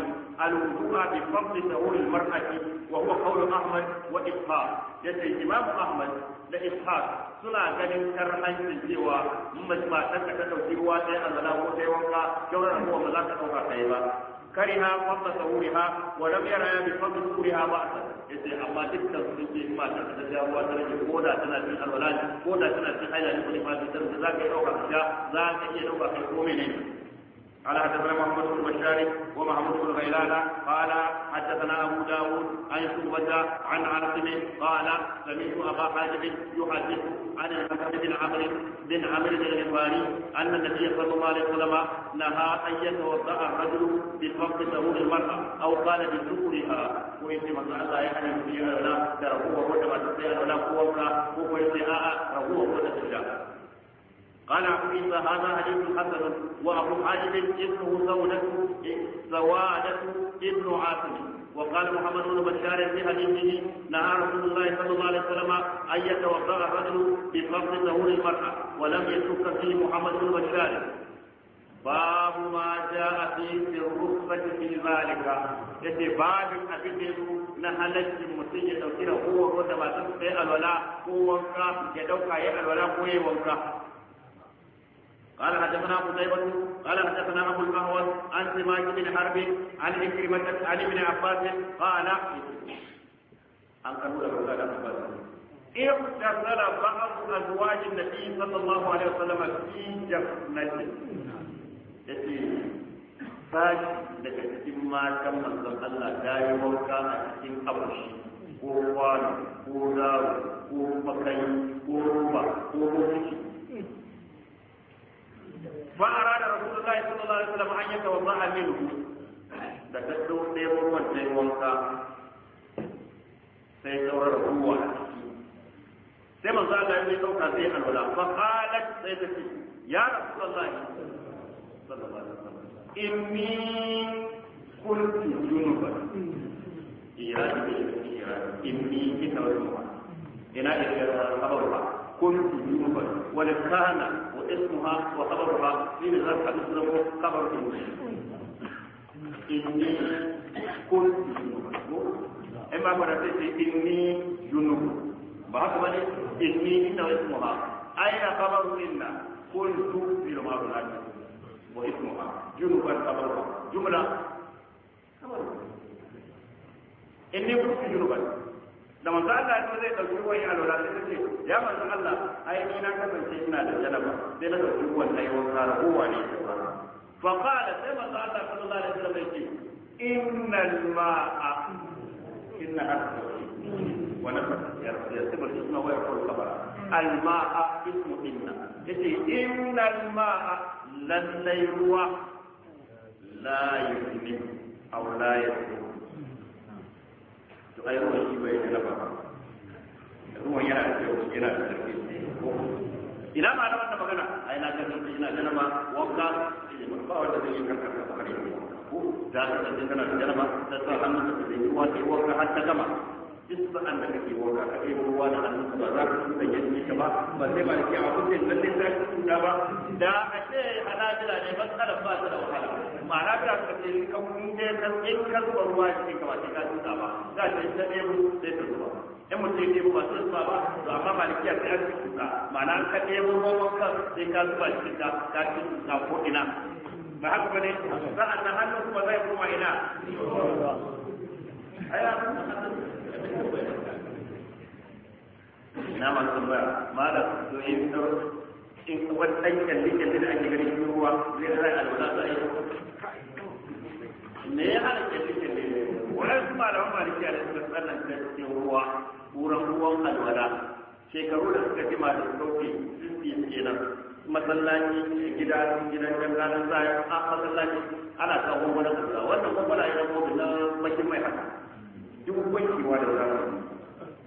الوضوء بفضل ظهور المرأة وهو wa أحمد وإسحاق يتي الإمام أحمد لإسحاق suna ganin karhancin cewa mace matar ka ta ɗauki ruwa ɗaya a zala ko ta yi wanka kyauran ruwa ba za ta ɗauka ta ba kariha qabla sahuriha wa lam yara bi fadl kuriha ba'sa yace amma dukkan su ke ma ta da jawa da rage ko da tana cikin alwala ko da tana cikin haila ne yi za ka iya dauka kai قال حدثنا محمد بن بشار ومحمود بن غيلان قال حدثنا ابو داود عن شعبة عن عاصم قال سمعت ابا حاتم يحدث عن الحكم بن عمرو بن عمرو الغفاري ان النبي صلى الله عليه وسلم نهى ان يتوضا الرجل بفرق ظهور المراه او قال بذكورها ويجب ان الله يعني في هذا ترى هو وجب ان تستطيع آه، آه، هو قوتها وهو قال أبو عيسى هذا حديث حسن وأبو حازم ابنه سودة سوادة ابن عاصم وقال محمد بن بشار في حديثه نهى رسول الله صلى الله عليه وسلم ان يتوضا الرجل بفضل ظهور المراه ولم يشك فيه محمد بن بشار باب ما جاء في الرخصة في ذلك يتي باب أبيته نهلت المسيح يتوكير هو وتباتن في الولاء هو وانكا يدوكا يا الولاء هو قال حدثنا قتيبة قال حدثنا أبو المهول عن سماك بن حرب عن عكرمة عن ابن عباس قال عن اغتسل إيه بعض أزواج النبي صلى الله عليه وسلم في جفنته sashi daga cikin matan manzon Allah ta yi wanka a cikin abushi ko kwano ko فأراد رسول الله صلى الله عليه وسلم أن يتوضأ منه تكتب سيم وانتين وانكا سيدور ربوة سيما قال الله يبني توقع سيئا ولا فقالت سيدتي يا رسول الله صلى الله عليه وسلم إني كنت جنوبا إيراني إني كنت جنوبا إنا إذا كنت جنوبا ولكان اسمها وخبرها من الرفع مثله خبر إني كنت إما فرسيت إني جنوب بحق بني إني إن اسمها أين خبر منا كنت في الماضي الأجل واسمها جنوب الخبر جملة خبر إني كنت جنوبا da manzo Allah ya zai dauki ruwan ya alwala sai ce ya manzo Allah ai ni na kasance ina da janaba sai na dauki ruwan na yi wanka da kowa ne fa qala sai manzo Allah sallallahu alaihi wasallam ce innal ma'a inna hasbi wa nafsa ya yasibu isma wa yaqul khabara al ma'a ismu inna yace innal ma'a lallai ruwa la yuzni aw la yuzni to ai ruwan shi bai da ba ruwan yana da kyau yana da sarki ina ma da wannan magana ai na ga sarki ina da nama wanka ba wanda zai yi kanka ka bare ko da ka san kana da nama da sa hannun ka zai yi wanka wanka har ta gama duk sa'an da kake wanka ka kai ruwa da hannun ka ba za ka tuta yanki ka ba ba sai ba da kyau abin da lalle za ka tuta ba da a ce halajira ne matsalar ba ta da wahala Mana ta ka ce ka kauni ne kan in ka zuba ruwa shi ce kamar ka tuta ba za ta ta ne mu sai ta zuba in mutum ne ba su zuba ba to amma malikiya sai an tuta ma'ana ka ne mu ruwan ka sai ka zuba shi ka tuta ko ina ba haka bane sa'an nan hannun kuma zai kuma ina aya Na masu tambaya malam to yi in wani ɗan kyalle kyalle da ake ganin ruwa zai hana alwala za a yi me ya hana ke cikin ne wa'ansu malaman malikiya da suka tsananta cikin ruwa wurin ruwan alwala shekaru da suka jima da sauke sun fi kenan masallaci gida gidan dangalan sayan a masallaci ana sa gwamnan kula wannan gwamnan ya zama na bakin mai haka duk wankewa da zamani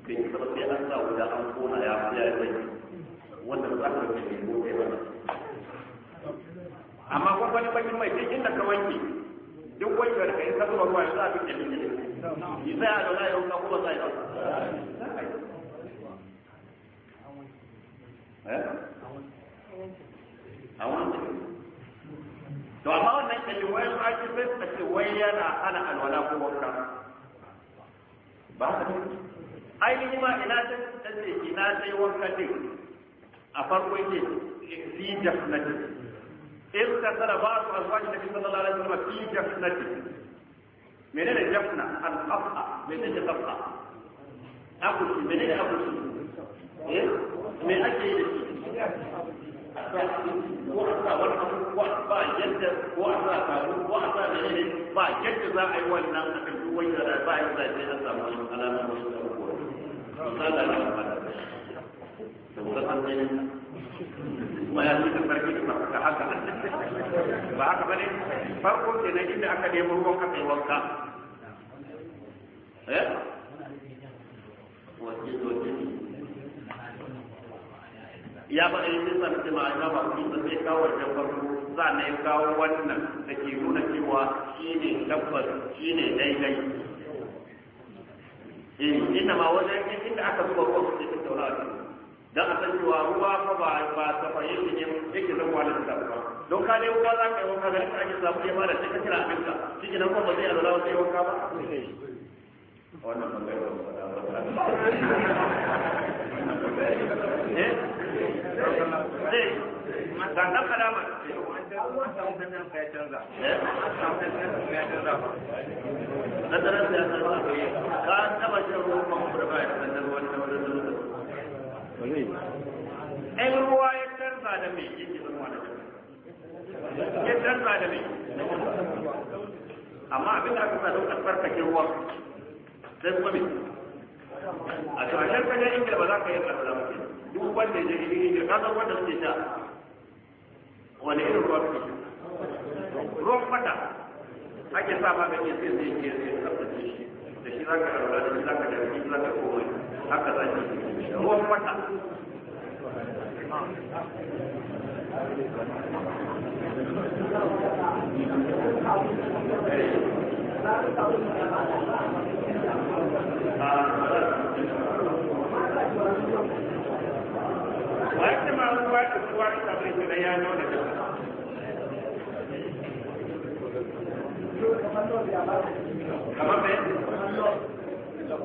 bai yi sai an sa wuta an kona ya fi ya yi wanda za ka ga ne ko kai ba amma gwamnan bakin mai duk inda ka wanke duk wanda da kai ka saka ruwa yanzu a duk da duk yi sai a dole yau ka kuma sai ba eh? a wani to amma wannan kalli wai ba ki sai ta ce wai yana hana alwala ko wanka ba ce. ainihin ma ina ta ce ina sai wanka din a farko yake fi jafnatin in ka tsara ba su azwaji da kisan Allah alaihi wasallam fi jannati menene jafna al-qafa menene qafa aku shi menene aku shi eh me ake yi ko a sa wani abu a ba yadda ko a sa ko a menene ba yadda za a yi wannan a kan duwan yara ba yadda sai an samu wani alamomin da ko Allah ya fada saboda yi kuma ya zuta farki ba haka ba haka bane farko kenan inda aka nemo ruwan aka yi wanka eh wajen wajen ya ba yi nisa da cewa ya ba su da sai kawo wajen farko za na yi kawo wannan da ke nuna cewa shi ne tabbas shi ne daidai eh ma wajen inda aka zuba ruwan su ne tattaunawa dan a san cewa ruwa fa ba ba safayin shi ne yake zan wala da ba don ka ne ruwa za ka yi wanka garin ake samu ne ma da sai ka kira abinka shi nan kuma ba zai azala wata yi wanka ba wannan bangare ba Zannan kalama, ka taba shan ruwan mamu da bayan wani ba zai yi in ruwa ya canza da mai yake zama da ya canza da mai amma abin da aka sa don albarkake ruwa sai kuma mai a ƙarshen kajen ingila ba za ka yi ƙasa da mutum duk wanda ya je ingila ka san wanda suke sha wani irin ruwa suke ruwan fata ake sa magani sai zai ke zai tsaftace shi da shi za ka karɓa da shi za ka jami'i za ka yi هكذا هو الفتح wata masu wata suwa da sabon gida ya nuna da kamar mai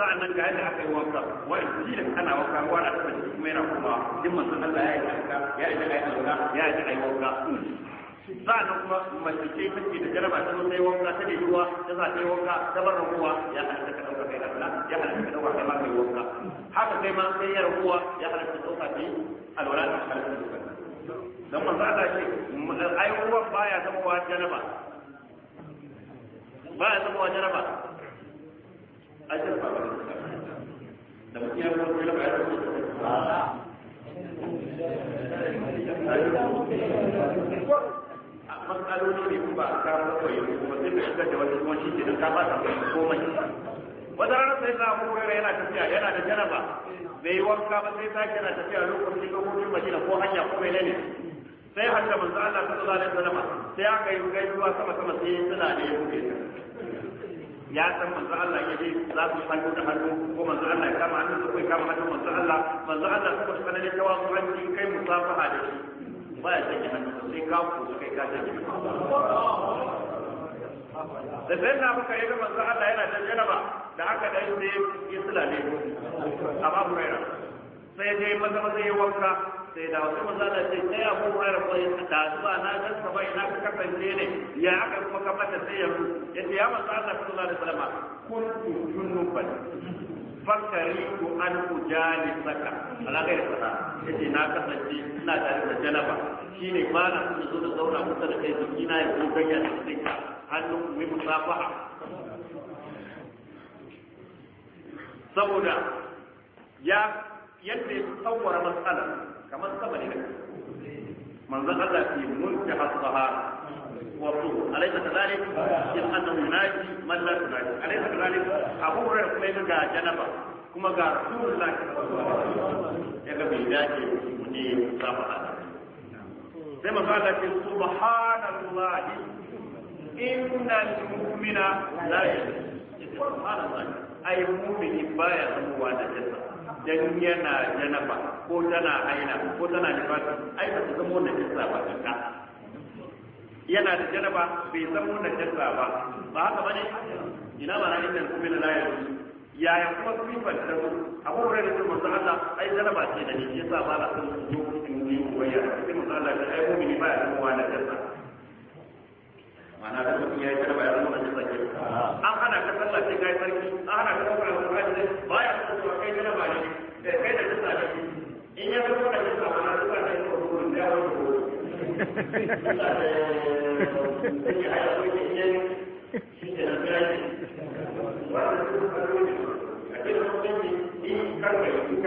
sa'an nan ga yadda aka yi wanka wani jilin ana wanka wa na tafi kuma yana kuma duk manzon Allah ya yi wanka ya yi da wanka ya yi da wanka sa'an nan kuma mai ce take da jaraba ta zo sai wanka ta nemi ta za ta yi wanka ta bar ruwa ya halatta ka dauka kai Allah ya halatta ka dauka kai ma kai wanka haka kai ma sai ya ruwa ya halatta ka dauka kai alwala ta halatta ka dan manzo Allah ce ai ruwan baya zama wa jaraba ya zama wa jaraba ajar ba ba da mutum ya kuma kuma ba ya kuma a matsaloli ne kuma a kawo kawai kuma sai ka shiga da wani kuma shi ke ka ba kuma komai wata rana sai sa abu kuma yana tafiya yana da jaraba bai yi wanka ba sai sake yana tafiya lokacin lokacin madina ko hanya ko mai ne sai hadda manzo Allah sallallahu alaihi wasallam sai aka yi gaisuwa sama sama sai suna da yau ya san manzo Allah ya je za su sako da hannu ko manzo Allah ya kama hannu ko ya kama hannu manzo Allah manzo Allah ko shi kana ne kawa ku an ji kai musafaha da shi ba ya sanya hannu sai ka ku kai ka sanya da sai na baka da manzo Allah yana da jaraba da aka dai sai isla ne amma Hurairah sai dai maza maza ya wanka sai da wasu maza da ce sai abu mai rabai da zuwa na dan saba ina ka kasance ne ya aka kuma ka mata sai ya ya ce ya manzo Allah sallallahu alaihi wasallam kuntu junuban ko an ujani saka alaka ya fada yace na kasance ina tare da janaba shine ba na zo da zauna musa da kai na ya zo ganya da ka hannu mai musafaha saboda ya yadda ya tsawara matsala kamar sama ne manzon Allah fi mulki hasaha wa ruh alaysa kadhalik in annahu yunaji man la tunaji alaysa kadhalik abu hurairah kuma ga janaba kuma ga rasulullah ya ga bai dace ne saba sai manzon Allah ce subhanallahi innal mu'mina la yashrik subhanallahi ay mu'mini baya zama da jannah dan yana janaba ko tana aina ko tana nifasi ai ba ta zama wannan jinsa ba kanka yana da janaba bai zama wannan jinsa ba ba haka bane ina ma nan inda kuma la ya ya ya kuma su sifar da su abu wurin da kuma sallah ai janaba ce da ni yasa ba la san lokacin da yau waya sai manzo Allah da ai mu'mini ba ya san wannan jinsa mana da mutum ya yi janaba ya san wannan jinsa ke an hana ka sallah sai kai sarki an hana ka sallah sai kai ba ya san cewa da kai da duka da in ya fito da duka mana duka da duka ruwan da ya wuce duka da ya haya soke ne shi ke na firashi wanda su ka zo ne a cikin mutunci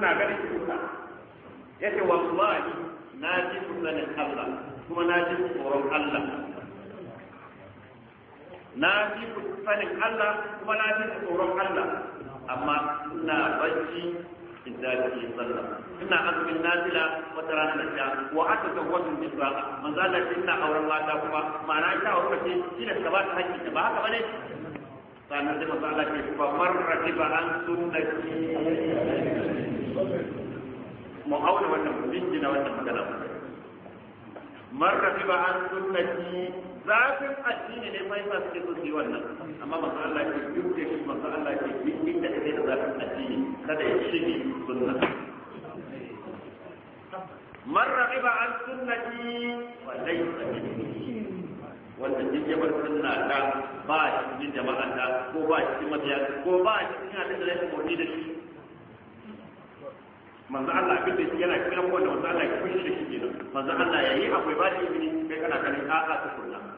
suna ganin kuka yace wallahi na ji kusanin Allah kuma na ji tsoron Allah na ji kusanin Allah kuma na ji tsoron Allah amma suna bacci in dace sallah ina azumin nazila wata rana da ta wa aka ga wannan bisa manzo Allah ina auren mata kuma ma'ana ya aure ce shi da ka ba ta hakki ba haka bane sannan sai manzo Allah ce fa marra tiba an sunnati mu auna wannan mu jingina wannan magana marra tiba an sunnati zafin addini ne mai masu ke so su yi wannan amma masu Allah ke duk shi masu Allah ke duk inda ka da zafin addini kada ya shige sunna man raqiba an sunnati wa wanda duk ya bar sunna ta ba a cikin jama'an ta ko ba a cikin mabiya ko ba a cikin abin da zai koyi da shi manzo Allah abin da yana kiran wanda manzo Allah ya kushi da shi kenan manzo Allah yayi akwai ba shi ne kai kana kanin a'a ta tukunna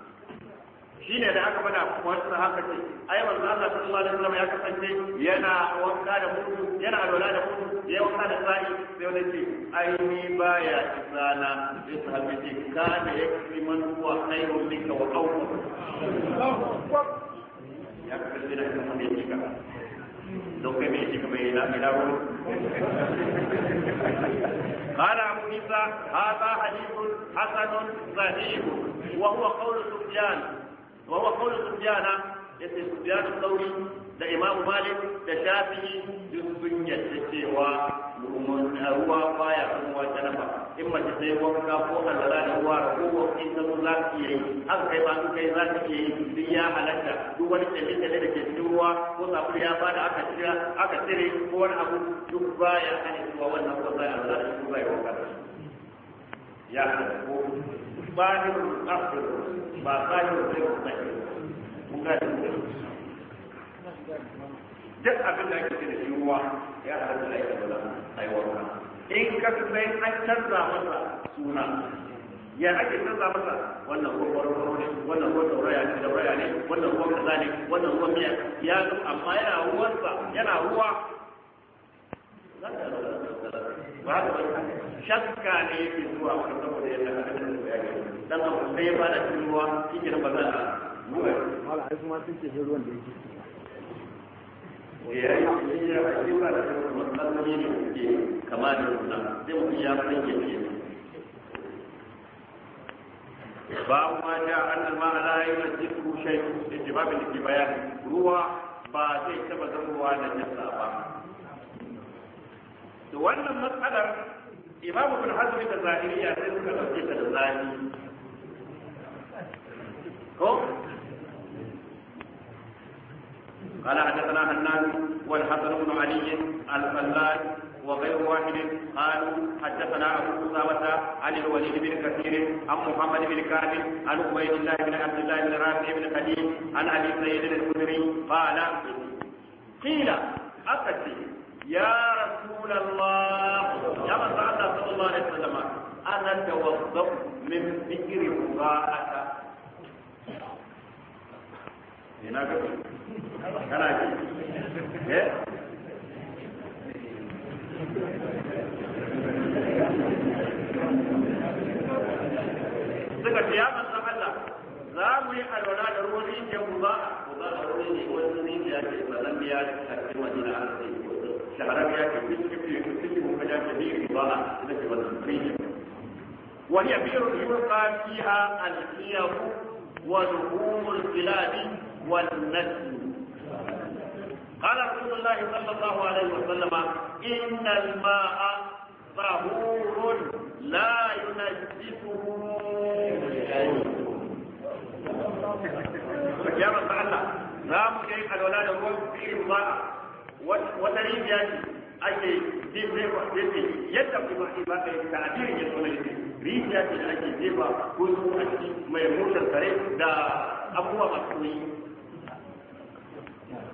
shi ne da aka mana wasu haka ce ai manzo Allah sallallahu alaihi wasallam ya kasance yana wanka da mutu yana alwala da mutu ya wanka da sa'i sai wani ce ai ni baya isana sai sahabi ce ka kana yakfi man kai khairun minka wa kawo ya kasance da kuma ne kika don kai mai kika mai ina ila ko qala abu isa hadha hadithun hasanun sahih وهو قول سفيان wa huwa qawlu sufyana da sufyan sauri da imam malik da shafi'i duk sun yadda cewa ruwa baya kuma janaba in mace sai wanka ko alwala da ruwa ko wanki ta zo za ta yi haka kai ba kai za ta yi duk ya halatta duk wani tsalle tsalle da ke cikin ruwa ko sabulu ya bada aka cire ko wani abu duk baya kan ruwa wannan ko za a alwala da ruwa ya wanka ya ko bahirul akhir ba bahirul zai ba kun ga duk abin da ake da yiwuwa ya halatta da ita bala aiwata in ka sai an canza masa suna ya ake canza masa wannan ruwan ruwan ne wannan ruwan dauraya ne dauraya ne wannan ruwan kaza ne wannan ruwan ya ya amma yana ruwansa yana ruwa da ba shakka ne yake zuwa wani saboda yadda hadisin ya gani dan abu sai ya fara ruwa shi ba za a mala ai kuma sun ce da ruwan da yake ya yi ya ake ba da matsaloli ne ke kama da ruwa sai mutum ya fahimce ne babu ma ja annal ma la yunzifu shay'un ijbab al-kibayat ruwa ba zai taba zamowa da jinsa ba da wannan matsalar imamu bin hazmi da zahiriya sai suka ɗauke ta da zahiri ko قال حدثنا هناد والحسن بن علي الفلاج وغير واحد قالوا حدثنا ابو اسامه عن الوليد بن كثير عن محمد بن كعب عن عبيد الله بن عبد الله بن رافع بن خليل عن ابي سعيد الخدري قال قيل اكثر يا rasulullah ya manzo ana tawaddu min fikri mubahata ina Allah za mu yi alwala da ruwan rijiyar mubaha mubaha wani wani ke ba biya da karfi madina shahararriya ke هي الإضاءة التي والتنفيذ وهي بئر يلقى فيها الخير ولحوم الكلاب والنسل قال رسول الله صلى الله عليه وسلم إن الماء طهور لا ينجسه يا رب الله رام كيف الولاد هو في الماء وتريد يعني ake jefa jefe yadda kuma ba ka yi ya zaune shi rijiya ce da ake jefa ko su a mai motar kare da abubuwa masu yi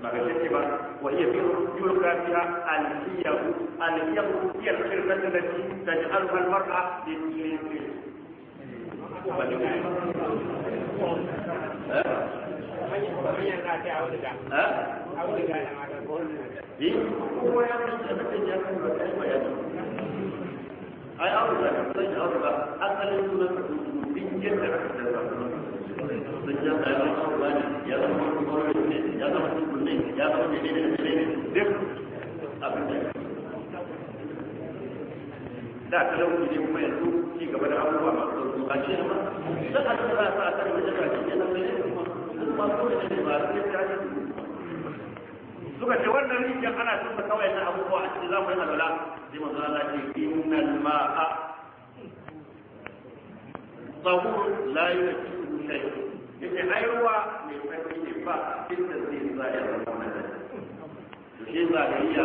ba ga shirki ba wa iya biyu ka alfiyahu alfiyahu iya shirin nan da ci da ji alfal mar'a da shirin shirin Eh? أي أربع أي أربع أقل من من جمع da ka lau ne kuma yanzu ci gaba da abubuwa masu zubace ma za a tsara sa a kan wajen da ke nan da ne kuma ba su da ne ba su da suka ce wannan rijiyar ana tuka kawai na abubuwa a cikin zamu yi alwala sai mazu ala ce innal ma'a tahur la yuqimu shay'un yace ai ruwa mai tsarki ne ba inda zai zaya wannan to shi za a iya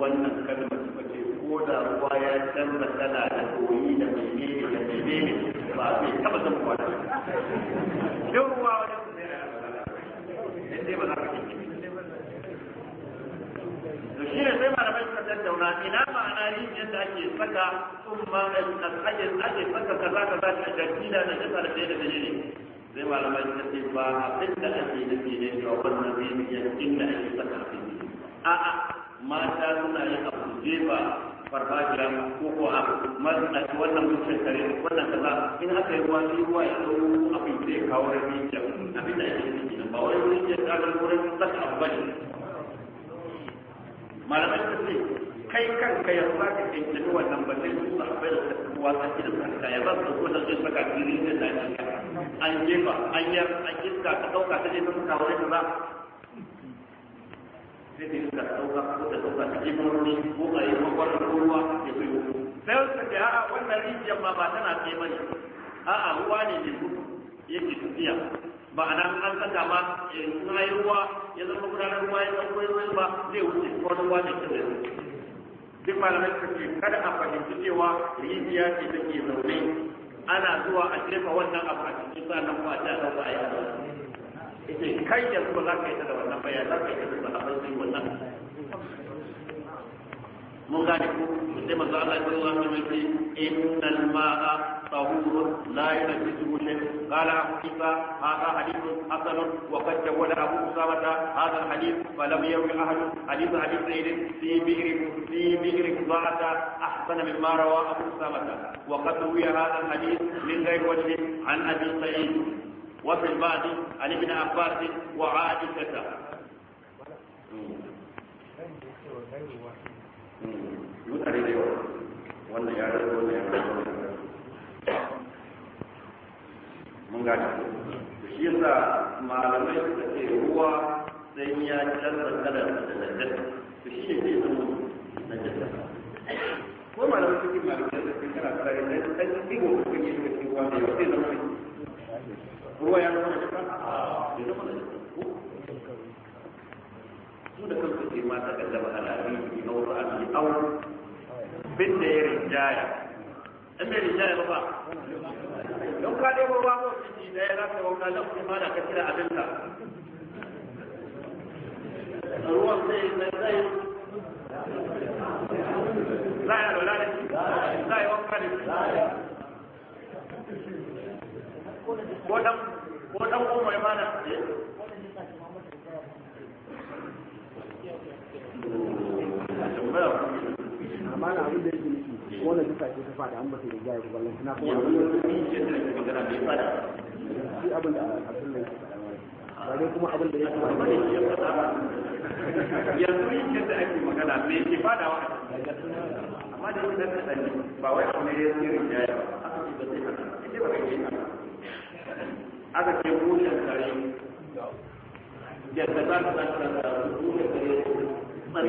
wannan kalmar ta ce ko da ruwa ya canza kala da koyi da menene da ne, ba zai taba zama wannan ruwa ina ma'ana yin yadda ake saka tsumma ake ake saka kaza kaza da jarkina da yasa da ne dalili sai malamai suka ce ba abin da ake nufi ne ga wannan yankin da ake saka abin a'a mata suna yin abu ba farfajiya ko ko a mazinaci wannan mutum kare wannan kaza in aka yi ruwa shi ruwa ya zo abin ya kawo rabi da abin da ake ciki ba wani wani ta tsarin wurin saka abu ne malamai ta ce kai kanka ya za ka kinkini wannan ba zai su sahabbai da tattabuwa a cikin kanka ya za su ko da zai saka fili da lafiya an jefa an yar an iska ka dauka ta je ta saka wani ta sai da ka dauka ko ta dauka ta je wani ko a yi makwarar ruwa ya kai wuku sai wasu ce a'a wannan rijiyar ma ba tana ce bane a'a ruwa ne mai gudu yake tafiya ba a nan an saka ba eh, in ruwa ya zama gudanar ruwa ya zama ruwa ba zai wuce ko ruwa ne kawai duk malamai suka ce kada a fahimci cewa rijiya ce take zaune ana zuwa a jefa wannan abu a cikin sa nan ba ta zama a ita kai yanzu ba za ka yi da wannan ba ya za ka yi ta da wannan mun gane ko to sai manzo Allah sallallahu alaihi wasallam yace innal ma'a tahurun la yunjisu shay qala hafiza hadha hadithun hasan wa qad jawala abu usama hadha hadith fa lam yarwi ahad hadith hadith zaid fi bihri fi bihri qadata ahsana mimma rawa abu usama wa qad ruwiya hadha hadith min ghayri wajhi an abi sa'id وفي البعض عن ابن عباس وعائشة. Hmm. mutane da yawa wannan ya rasu wannan ya rasu wannan mun gane shi yasa malamai suka ce ruwa sai ya canza kalar da najasa to shi ne zai zama najasa ko malamai suke malamai da suke kana tsare da ɗan ɗigo suke yi da ruwa da yawa zai zama ruwa ya zama najasa zai zama su da kansu ce ma ta kaddama alabi na wuri abi awu bin da ya rinjaya in mai rinjaya ba ba don ka dai ba ko ciki da ya rasa wauta lafi ma da ka kira abin ka ruwan zai zai zai za a yi da shi za a yi wanka da ko dan ko dan umar ma da amma na abin da yake nufi na duka ce ta fada an ba sai da ya ku ballan tana kuma abin da yake magana shi abin da abin da yake ba dai kuma abin da yake ba yanzu yin ake magana me ke fadawa amma da yake da ba wai abu ne ya tsiri jaya ba aka ce ba zai haka ita ba kai aka ce ko shan kare yadda za ka zaka da ko shan barke aiki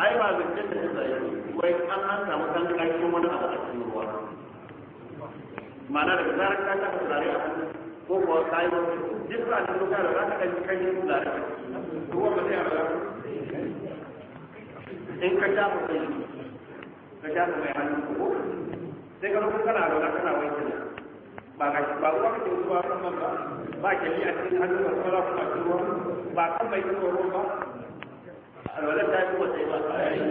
ai ba da kanta da zai wai an an samu kan karshen wani abu a cikin ruwa ma'ana daga zarar ka taɓa turare a hannu ko kuwa ka yi wani duk sa da duka da za ka ɗan kan yin turare ruwa ba zai haɗa in ka shafa kai ka shafa mai hannu ko sai ka kana kana wanke ba ga ba ruwa ba ba ke yi a cikin hannun kuma ruwa ba kan mai ruwa ba ta yi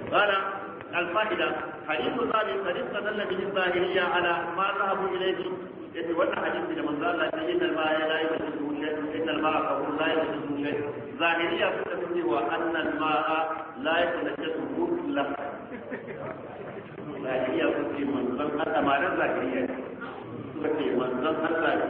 ba القاعدة حديث ثابت قد استدل به الظاهرية على ما ذهبوا إليه يتي وانا حديث لمن قال إن الماء لا يمسسه شيء إن الماء قبول لا يمسسه شيء ظاهرية تقول وأن الماء لا يتنجسه مطلقا ظاهرية تقول من ظن هذا معنى ظاهرية تقول من ظن هذا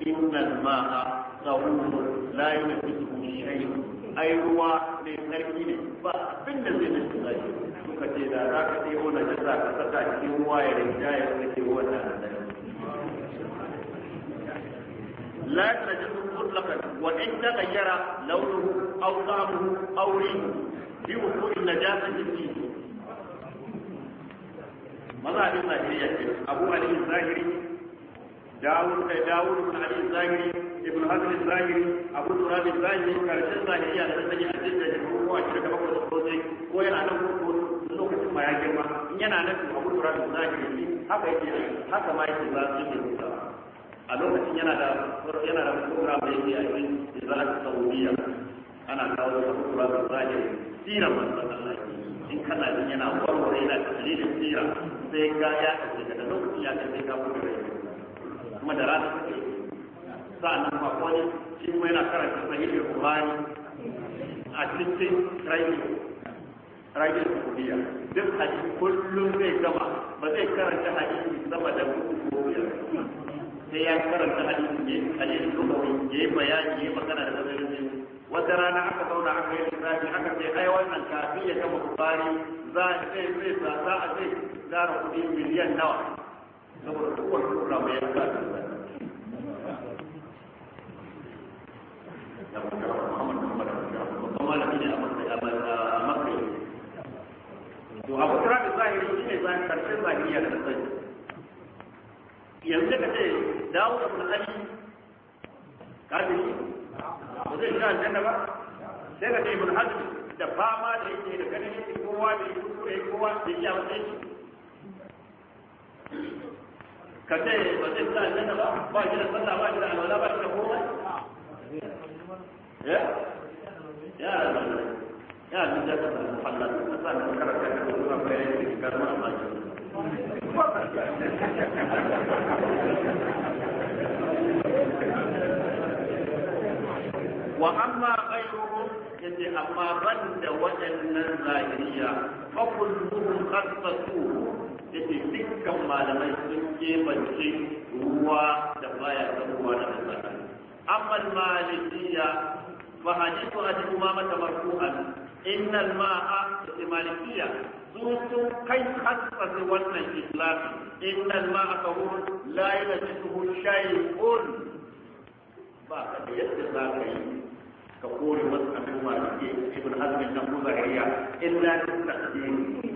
في إن الماء قبول لا يمسسه شيء أي هو من tsarki ne ba abin da zai nashi zai suka ce da za ka ɗebo na jasa ka saka cikin ruwa ya rinja ya ke wannan hadari la tajidu mutlaqan wa in taghayyara lawnuhu aw ta'amuhu aw rihu bi wuqu'i najasati fihi mazhabin Najeriya ce Abu Ali Zahiri داود داود بن علي الزاهري ابن حزم الزاهري ابو تراب الزاهري كارشن زاهري على سنة أجل جمهور وعشرة كما قلت قلت وين أنا قلت لوكة ما يجمع إن أنا نفسي أبو تراب الزاهري haka yake haka ma yake za su yi rubuta a lokacin yana da yana da program da yake a yin izalatu saudiya ana kawo da program da zahiri sira manzon Allah in kana jin yana warware yana tasirin sira sai ga ya kace da ya kace ka kuma da rana suke sa'annan ba kwani shi kuma yana karanta sahihul bukhari a cikin rayu rayu kudiya duk hadisi kullum zai gama ba zai karanta hadisi sama da kudiya sai ya karanta hadisi ne hadisi lugawi ya yi bayani ya magana da nazarin wata rana aka zauna aka yi lissafi aka ce ai wannan kafin ya gama bukhari za a ce zai sa za a ce gara kudi miliyan nawa saboda kowane suna mai da zai a yanzu ka ce dawo da mulali kafiri ba zai aljanna ba sai ka ce ibn da fama da yake da ganin kowa da yake kowa da yake ka ce ba zai fita aljanna ba ba shi da sallah ba shi da alwala ba shi da komai ya ya ya min da ka san Allah ka san ka karanta ka kuma ba ya yi ka ma ba shi wa amma ghayruhum yace amma banda waɗannan zahiriya fa kulluhum khasfatuhu yake dukkan malamai sun kebance ruwa da baya ruwa da zaka amma malikiya fa hadithu abi ma tamarfu'an inna al-ma'a malikiya sun sun kai hatsari wannan islami inna al-ma'a tahurun la shayi shay'un ba ka da yadda za ka yi ka kore masu abin maliki ibn hazmin nan ko zahiriya illa taqdim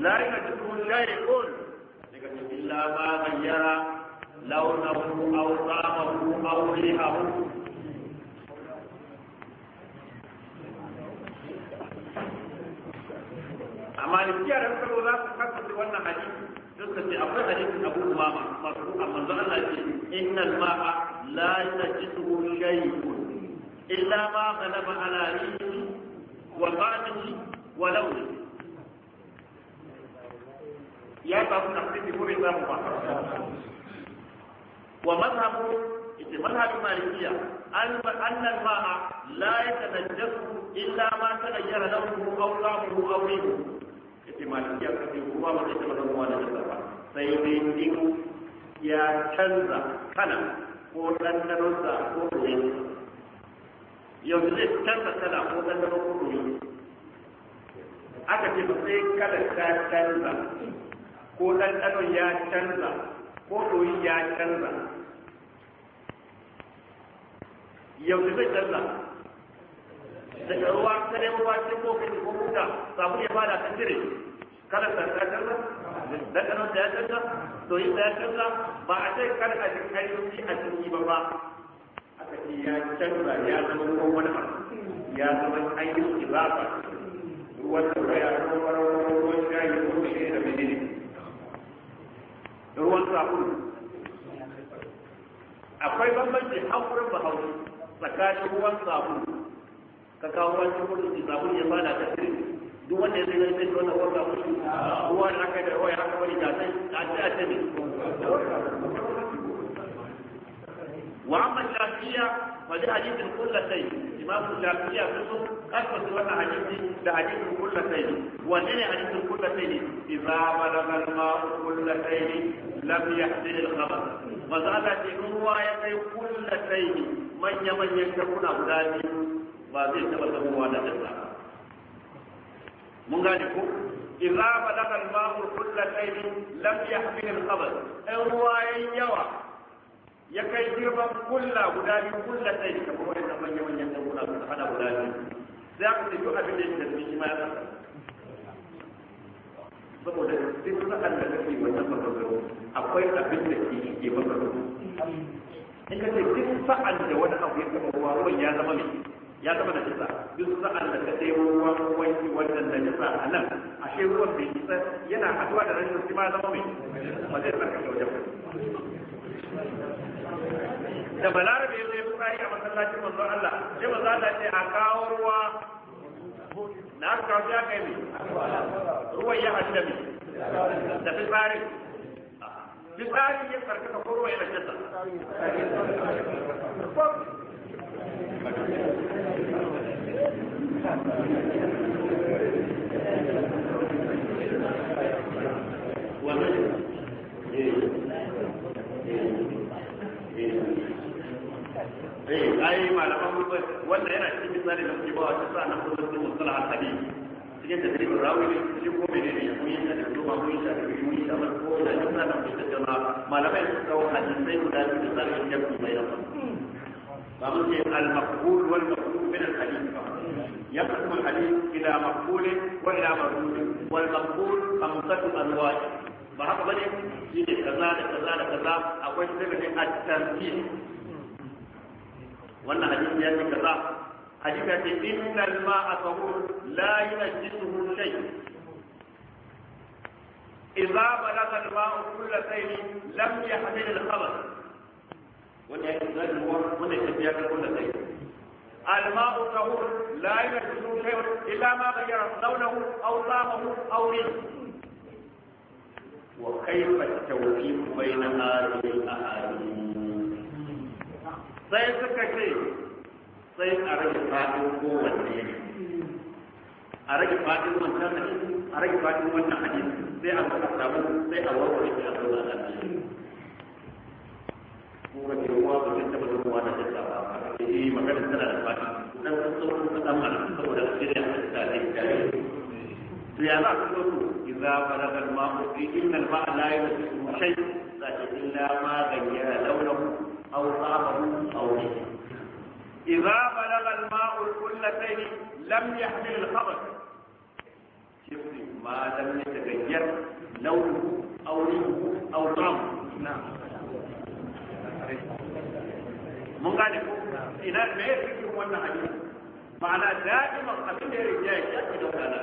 la yajruhu shay'un daga cikin la ma bayyara launahu aw ta'amahu aw rihahu amma da kiyar da kawo za su kasance wannan hadisi suka ce akwai hadisin Abu Umama masu manzo Allah ce innal ma'a la yajruhu shay'un illa ma ghalaba ala wa wa ya samu tafsiri ko bai samu ba wa mazhabu ita mazhabu malikiya an ma'a la yatanajjasu illa ma tagayyara lahu aw أو aw أو ريحه malikiya ka ce ruwa ba zai taɓa zama da jasa ba sai dai din ya canza kana ko ɗanɗanonsa ko ɗoyi yanzu zai canza kana ko ɗanɗanon ko ɗoyi aka ce ba sai kada ta canza ko ɗanɗanon ya canza ko ɗoyin ya canza yaushe zai canza daga ruwa ta ne ruwa ce ko kai ko huta sabu ya bada ta jire kada ta ta canza ɗanɗanon da ya canza ɗoyin da ya canza ba a ce kada a jin kai a yi ba ba aka ce ya canza ya zama ruwan wani ya zama ayyuki ba ba ruwan ta ya zama ruwan sabulu akwai bambanci haƙurin hauri tsakanin ruwan sabulu ka kawo ruwan sabulu sabulu ya bada ta sirri duk wanda ya zai zai wannan ruwan mushi ruwa da aka da ruwan ya aka bari da sai a ce a ce ne واما الشافعية فلحديث القلتين امام الشافعية كتب اثبت لنا حديث ده حديث كل شيء ولنا حديث كل شيء إذا بلغ الماء كل شيء لم يحسن الخبر فزالت كل شيء من يمن يشتكون اولادي وزيد تبلغ والدنا من قال إذا بلغ الماء كل شيء لم يحمل الخبر الرواية يوى ya kai girman kulla guda biyu kulla sai ka kuma wannan manyan manyan tankuna su hada guda biyu sai aka tafi abin da yake da shi ma ya san saboda duk sa'an da kake wannan maganganu akwai abin da ke shige maganganu in ka ce duk sa'an da wani abu ya kama ruwa ruwan ya zama mai ya zama da kisa duk sa'an da ka ɗaya ruwa wanki wannan da kisa a nan ashe ruwan mai kisa yana haɗuwa da rashin shi ma zama mai ba zai zaka kyau da balarabe ya zai yi a masallacin manzon Allah sai manzon Allah ce a kawo ruwa na aka kawo ya kai ne ruwan ya hadu da me da fitsarin fitsarin ya karkata ko ruwa ya najasa yadda zai ba ne shi ko mene ne da ruwa mun yi ta da mun yi ba ko da duk na mun ta jama malamai sun kawo hadisai guda biyu da mai yawa ba mun ce al maqbul wal maqbul min al hadith ba wannan hadisi ya ce kaza hadisi ya ce innal ma'a tahur la yunajjisuhu shay idza balagha al-ma'u kull sayl lam yahmil al ya tafiya الماء طهور لا يجوز شيء الا ما غير لونه او طعمه او رزقه وكيف التوفيق بين هذه الاحاديث sai suka ce sai a rage fadin kowanne ya ne a rage fadin wancan hadisi a rage fadin wancan hadisi sai a saka samu sai a warware shi a zauna a cikin kuma ke ruwa ba zai taɓa ruwa da ta ba yi eh, magana tana da fadi nan sun sauran kaɗan malam saboda su shirya da zai tare to ya za ku zo idza balaga al-ma'u fi inna al-ma'a la yusibu shay fa illa ma ghayyara lawnahu hau thabahu hau ne idza balagha al-ma'u al-qullatayn lam yahmil al-khabath kifli ma lam yataghayyar lawnuhu aw rihu aw ta'amu na'am mun gane ko ina me yake wannan hadisi ma'ana da'iman abin da ya rijiya ya shafi da wadana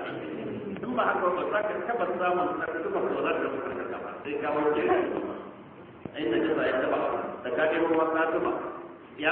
in ba haka ba za ka taba samun tattuma tsoron da mutane ka ba sai ka wanke da ya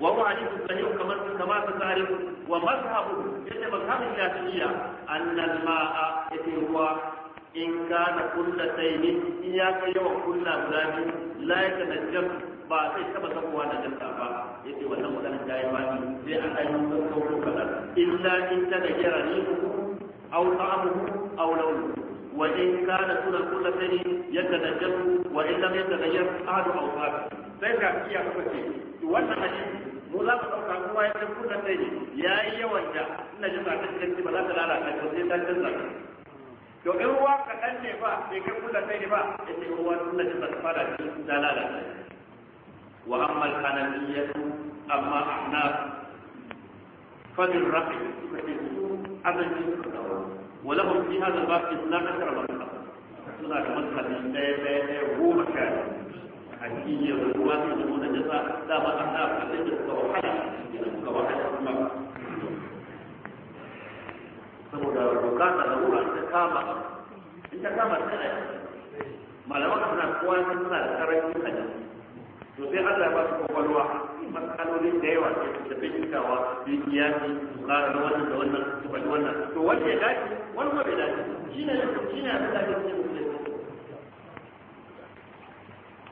وهو حديث صحيح كما كما تعرف ومذهب ان مذهب الشافعية ان الماء هو ان كان كل سيد إياك يوم كل أبدان لا يتنجم ba sai taba sabuwa da jinta ba yace wannan magana ta yi bani sai an kai mun sauko kadan illa in ta da gira ni aw ta'amuhu aw lawnuhu wa in kana suna kullu sani yatanajjamu wa ahadu sai iya ce. wannan hadisi mu za mu ɗauka kuma ya ce kuka ne ya yi yawan da ina jin zaka cikin ba za ta lalata ta sai ta canza to in ruwa kaɗan ne ba bai kai kuka sai ne ba ya ce ruwa ina jin ta fara cikin ta lalata wa amma al-hanafiyatu amma ahnaf fadil rafi suka ce su azanci suka kawo wa lahum fi hadha al-bab islam akramaka suna da mazhabi ɗaya ɗaya ɗaya goma sha biyu hakiyya da ruwa da zama na jasa da ba an da suka wahala da suka wahala kuma saboda bukata da ruwa ta kama in ta kama ta da malaman suna kowa suna da karancin a jiki to sai Allah ba su kwakwalwa matsalolin da yawa ke bai cikawa yin kiyasi su kara da wannan da wannan su faɗi wannan to wanda ya dace wani ma bai dace shi ne shi ne a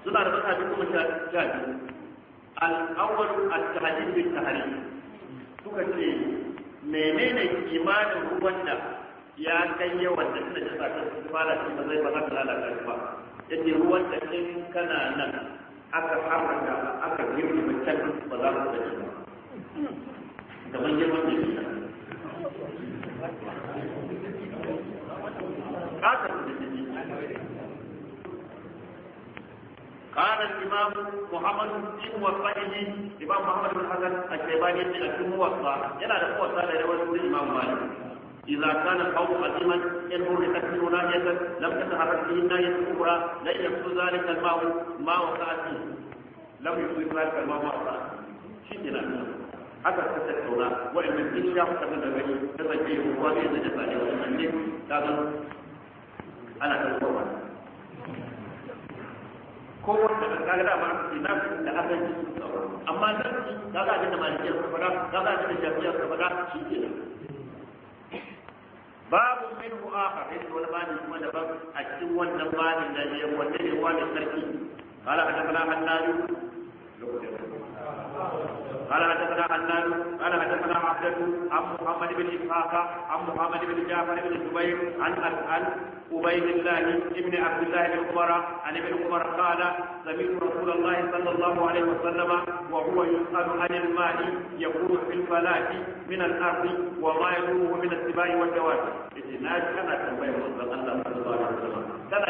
suna da mutane kuma sha biyu al'awwal at-tahdid bil suka ce menene imanin ruwan da ya kai yawan da tana da sakar fara shi ba zai ba haka lalata shi ba yace ruwan da in kana nan aka haraka aka girma can ba za ku sani ba kamar girman da shi ta قال الإمام محمد بن موطئه الإمام محمد بن حسن الشيباني في الموطأ يلا لقوة هذا يروي الإمام مالك إذا كان القوم قديما إن هرقت منه ناحية لم تتحرك به الناحية الأخرى لن يكون ذلك الماء ما وقعت فيه لم يكن ذلك الماء ما وقعت فيه شيء haka ta tattauna wa'annan duk ya fita da gani ta zake ruwa ne da jasa ne wa'annan ne ta zan ana kan kowa ko wanda da kaga da mana kuɗi na da aka yi amma nan ka ga da malikiyar ka ka ga da shafiyar ka shi ke nan babu min mu'akhar yadda wani bani kuma da babu a cikin wannan bani da ya wanda ne wani sarki قال حدثنا حنان قال حدثنا حنان قال حدثنا عبدة عن محمد بن إسحاق عن محمد بن جعفر بن الزبير عن عن عبيد الله بن عبد الله بن عمر عن ابن عمر قال سمعت رسول الله صلى الله عليه وسلم وهو يسأل عن الماء يكون في الفلاة من الأرض وما يكون من السباع والجواد. إتناج كان تنبيه الله صلى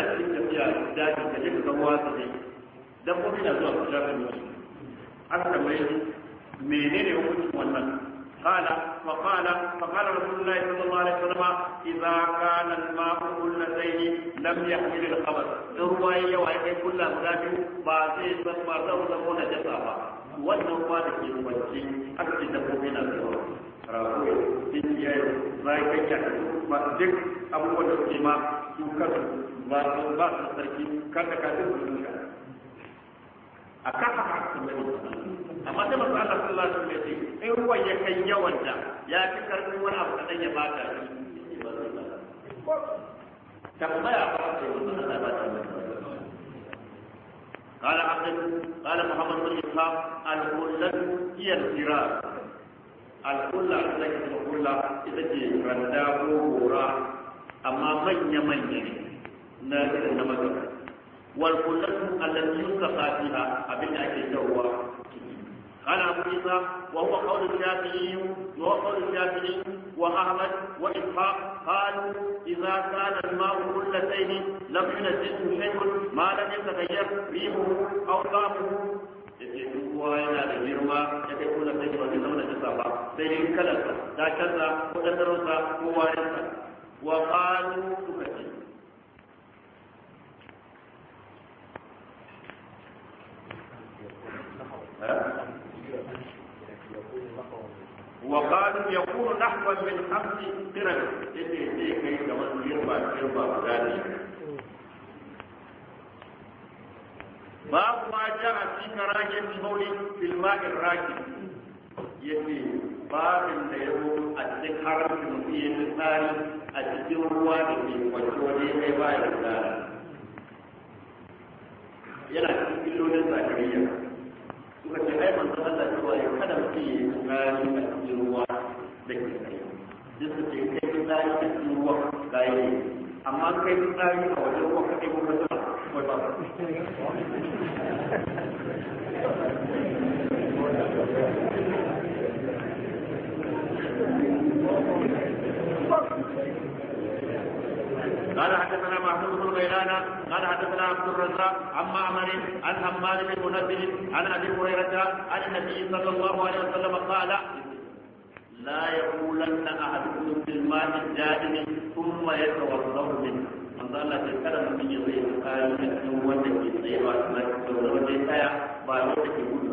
الله عليه وسلم. menene hukuncin wannan قال فقال فقال رسول الله صلى الله عليه وسلم اذا كان الماء ya لم يحمل kullu mudafi ba zai san ba بازي سبا زو زو نجسا ba wannan ruwa da ke rubanci aka ce da na din ya yi bayan kai ka ba duk abubuwan da suke ma su kasu ba su sarki kada ka dinga a kan haka aka amma sai manzo Allah sallallahu alaihi wasallam ya in ruwan ya kai yawan da ya fi karfin wani abu kadan ya baka tambaya ba ce manzo Allah ba ta قال عبد قال محمد بن اسحاق الكلة هي الفراش الكلة التي randa ko كنت رندا أما manya يمن na irin na magana والقلة التي يلتقى فيها أبن أكل جوا قال أبو عيسى وهو قول الشافعي وهو قول الشافعي وأحمد وإسحاق قالوا إذا كان الماء كلتين لم ينزله شيء ما لم يتغير ريمه أو طعمه وقالوا ruwa وقال يكون نحو من خمس قرن إذن دي كي تمت يربع يربع ذلك باب ما جاء في كراهية البول في الماء الراكد يعني باب يقول الذكر في نبي المثال الذكر الوالد في وجوده عباد الله يلا تقولون الزكريه wacce ai manzo Allah cewa ya kada mutum ya yi tsari a cikin ruwa da ke kai duk su ce kai tsari a cikin ruwa ga yi amma kai tsari a wajen ruwa kaɗai ko ka zuba wai ba Thank you. قال حدثنا محمود بن غيلان قال حدثنا عبد الرزاق عن معمر عن حماد بن منبه عن ابي هريره عن النبي صلى الله عليه وسلم قال لا يقولن احدكم في الماء الدائم ثم يتوضا منه من Allah في الكلام من يريد قال tsaya da cikin ما ke tsayawa da wanda ya tsaya ba wanda ke gudu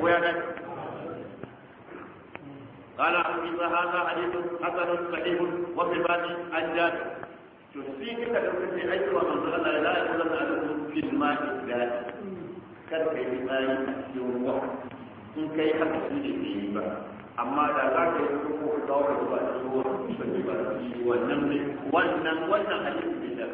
ba قال أبو عيسى هذا حديث حسن صحيح وفي بعد عن جابر تسيك تكفي أي ومن غنى لا يظن أنه في الماء الذاتي kada ka yi tsari a cikin ruwa in kai haka shi ne bai yi ba amma da za ka yi ko ka kawo ka ba shi ruwa ba shi wannan ne wannan wannan hadisi ne da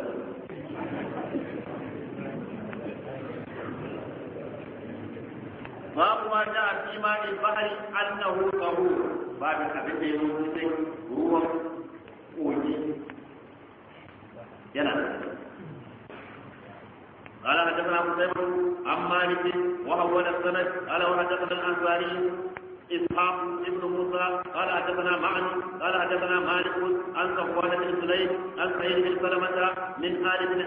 babu ma ja fi ma in bahari annahu tahur babin abin da yake cikin ruwan kogi yana قال حدثنا قتيبة عن مالك وهو السند قال وحدثنا إسحاق ابن موسى قال حدثنا معن قال حدثنا مالك عن صفوان بن سليم عن سعيد بن سلمة من آل بن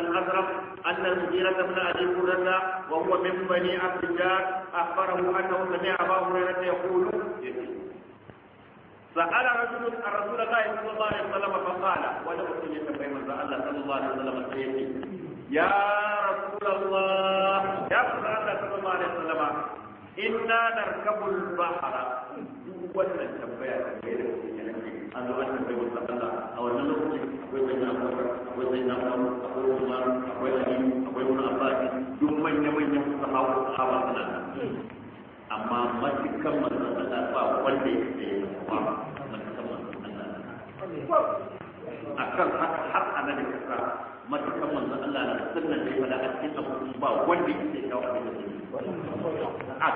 الأزرق أن المغيرة بن أبي هريرة وهو من بني عبد الجار أخبره أنه سمع أبا هريرة يقول سأل رجل الرسول الله صلى الله عليه وسلم فقال ولو يكن يتبعي من الله صلى الله عليه وسلم يا رسول الله يا رسول الله صلى الله عليه وسلم inna narkabul bahara duk wannan tambaya da kai da kai an zo an tambaye wa Allah a wannan lokacin akwai wani abubuwa akwai wani abubuwa akwai wani maru akwai wani akwai wani abadi duk manya manya su hawa hawa suna amma matukan manzon Allah ba wanda ya ce ya ba matukan manzon Allah har anan da kasa matukan manzon Allah na sunnan da ya fada a cikin abubuwa ba wanda ya ce ya kawo a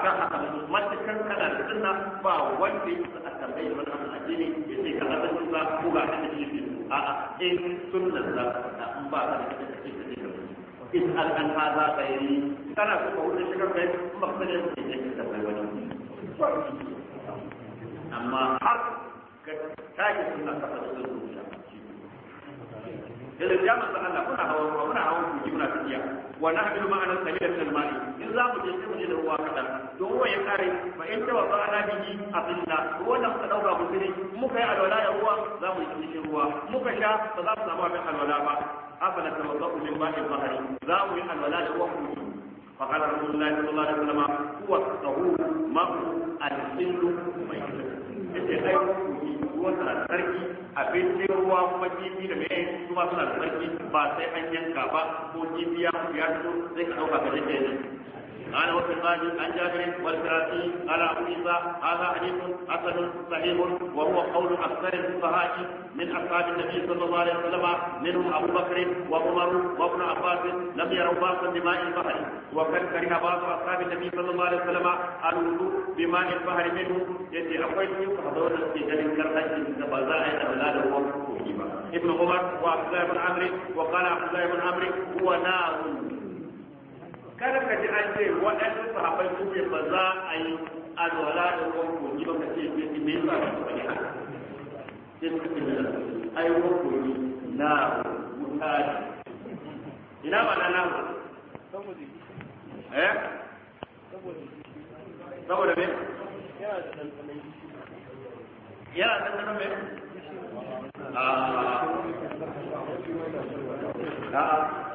kan haka matukan kana da sunna ba wanda ya a tambayi wani abu a jini ya ce ka hada sunna ko ga hada shi a a in sunna za ka in ba ka da kake kake kake kake in al ka yi ni kana so ka wuce shigar kai in ka da kake kake ka kai wani amma har ka take sunna ka fada sunna da ya manzo Allah muna hawa ruwa muna hawa kuji muna tafiya wa nahmilu ma'ana sabila min al in za mu je sai mu je da ruwa kadan don ruwa ya kare fa in tawa fa ana bihi abinda ruwan da muka dauka guzuri muka yi alwala da ruwa za mu yi cikin ruwa muka sha ba za mu samu abin alwala ba afala tawaddau min ba'i bahari za mu yi alwala da ruwa kuji فقال رسول الله صلى الله عليه وسلم هو الطهور ماء السن ميتة yace ai ruwa tana da sarki abinci ruwa kuma kifi da mai kuma suna sarki ba sai an yanka ba ko kifi ya fito sai ka dauka ka dace قال وفي الغازي عن جابر والكراسي قال ابو عيسى هذا حديث حسن صحيح وهو قول اكثر الفقهاء من اصحاب النبي صلى الله عليه وسلم منهم ابو بكر وعمر وابن عباس لم يروا باسا بماء البحر وقد كره بعض اصحاب النبي صلى الله عليه وسلم الوضوء بماء البحر منه يجي اقوى فحضرنا في ذلك الحج فزاء اولاد وابن عمر وعبد الله بن عمرو وقال عبد الله بن عمرو هو نار kada ka ji an ce waɗansu sahabbai su ne ba za a yi alwala da ruwan kogi ba ka ce ne me yasa ba ka yi haka sai suka ce ai ruwan kogi na wuta ina ba na namu eh saboda me yana da ɗanɗanon yana da ɗanɗanon me ah. a'a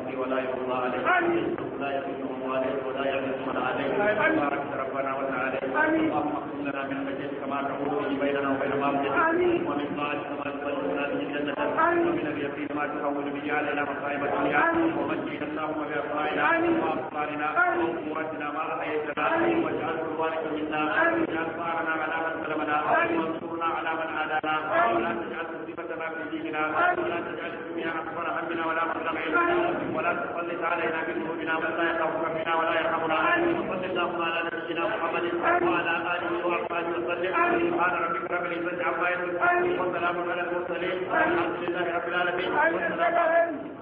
ولا يرضى عليك لا يضرهم والدك ولا يعلم من عليك بارك ربنا وتعالى اللهم اقسم لنا من خشيتك ما تحول به بيننا وبين معصيتك ومن طاعتك ما تبلغنا به جنتك ومن اليقين ما تحول به علينا مصائب الدنيا ومجد اللهم باسمائنا وابصارنا وقواتنا ما احييتنا واجعله الوارث منا واجعل ثارنا على من ظلمنا وانصرنا على من عادانا ولا تجعل وارزقنا في ولا تجعل الدنيا اكبر همنا ولا مبلغ ولا تسلط علينا بذنوبنا من لا يخافك بنا ولا يرحمنا وصل اللهم على نبينا محمد وعلى اله واصحابه وسلم سبحان ربك رب العزه عما يصفون وسلام على المرسلين والحمد لله رب العالمين والسلام عليكم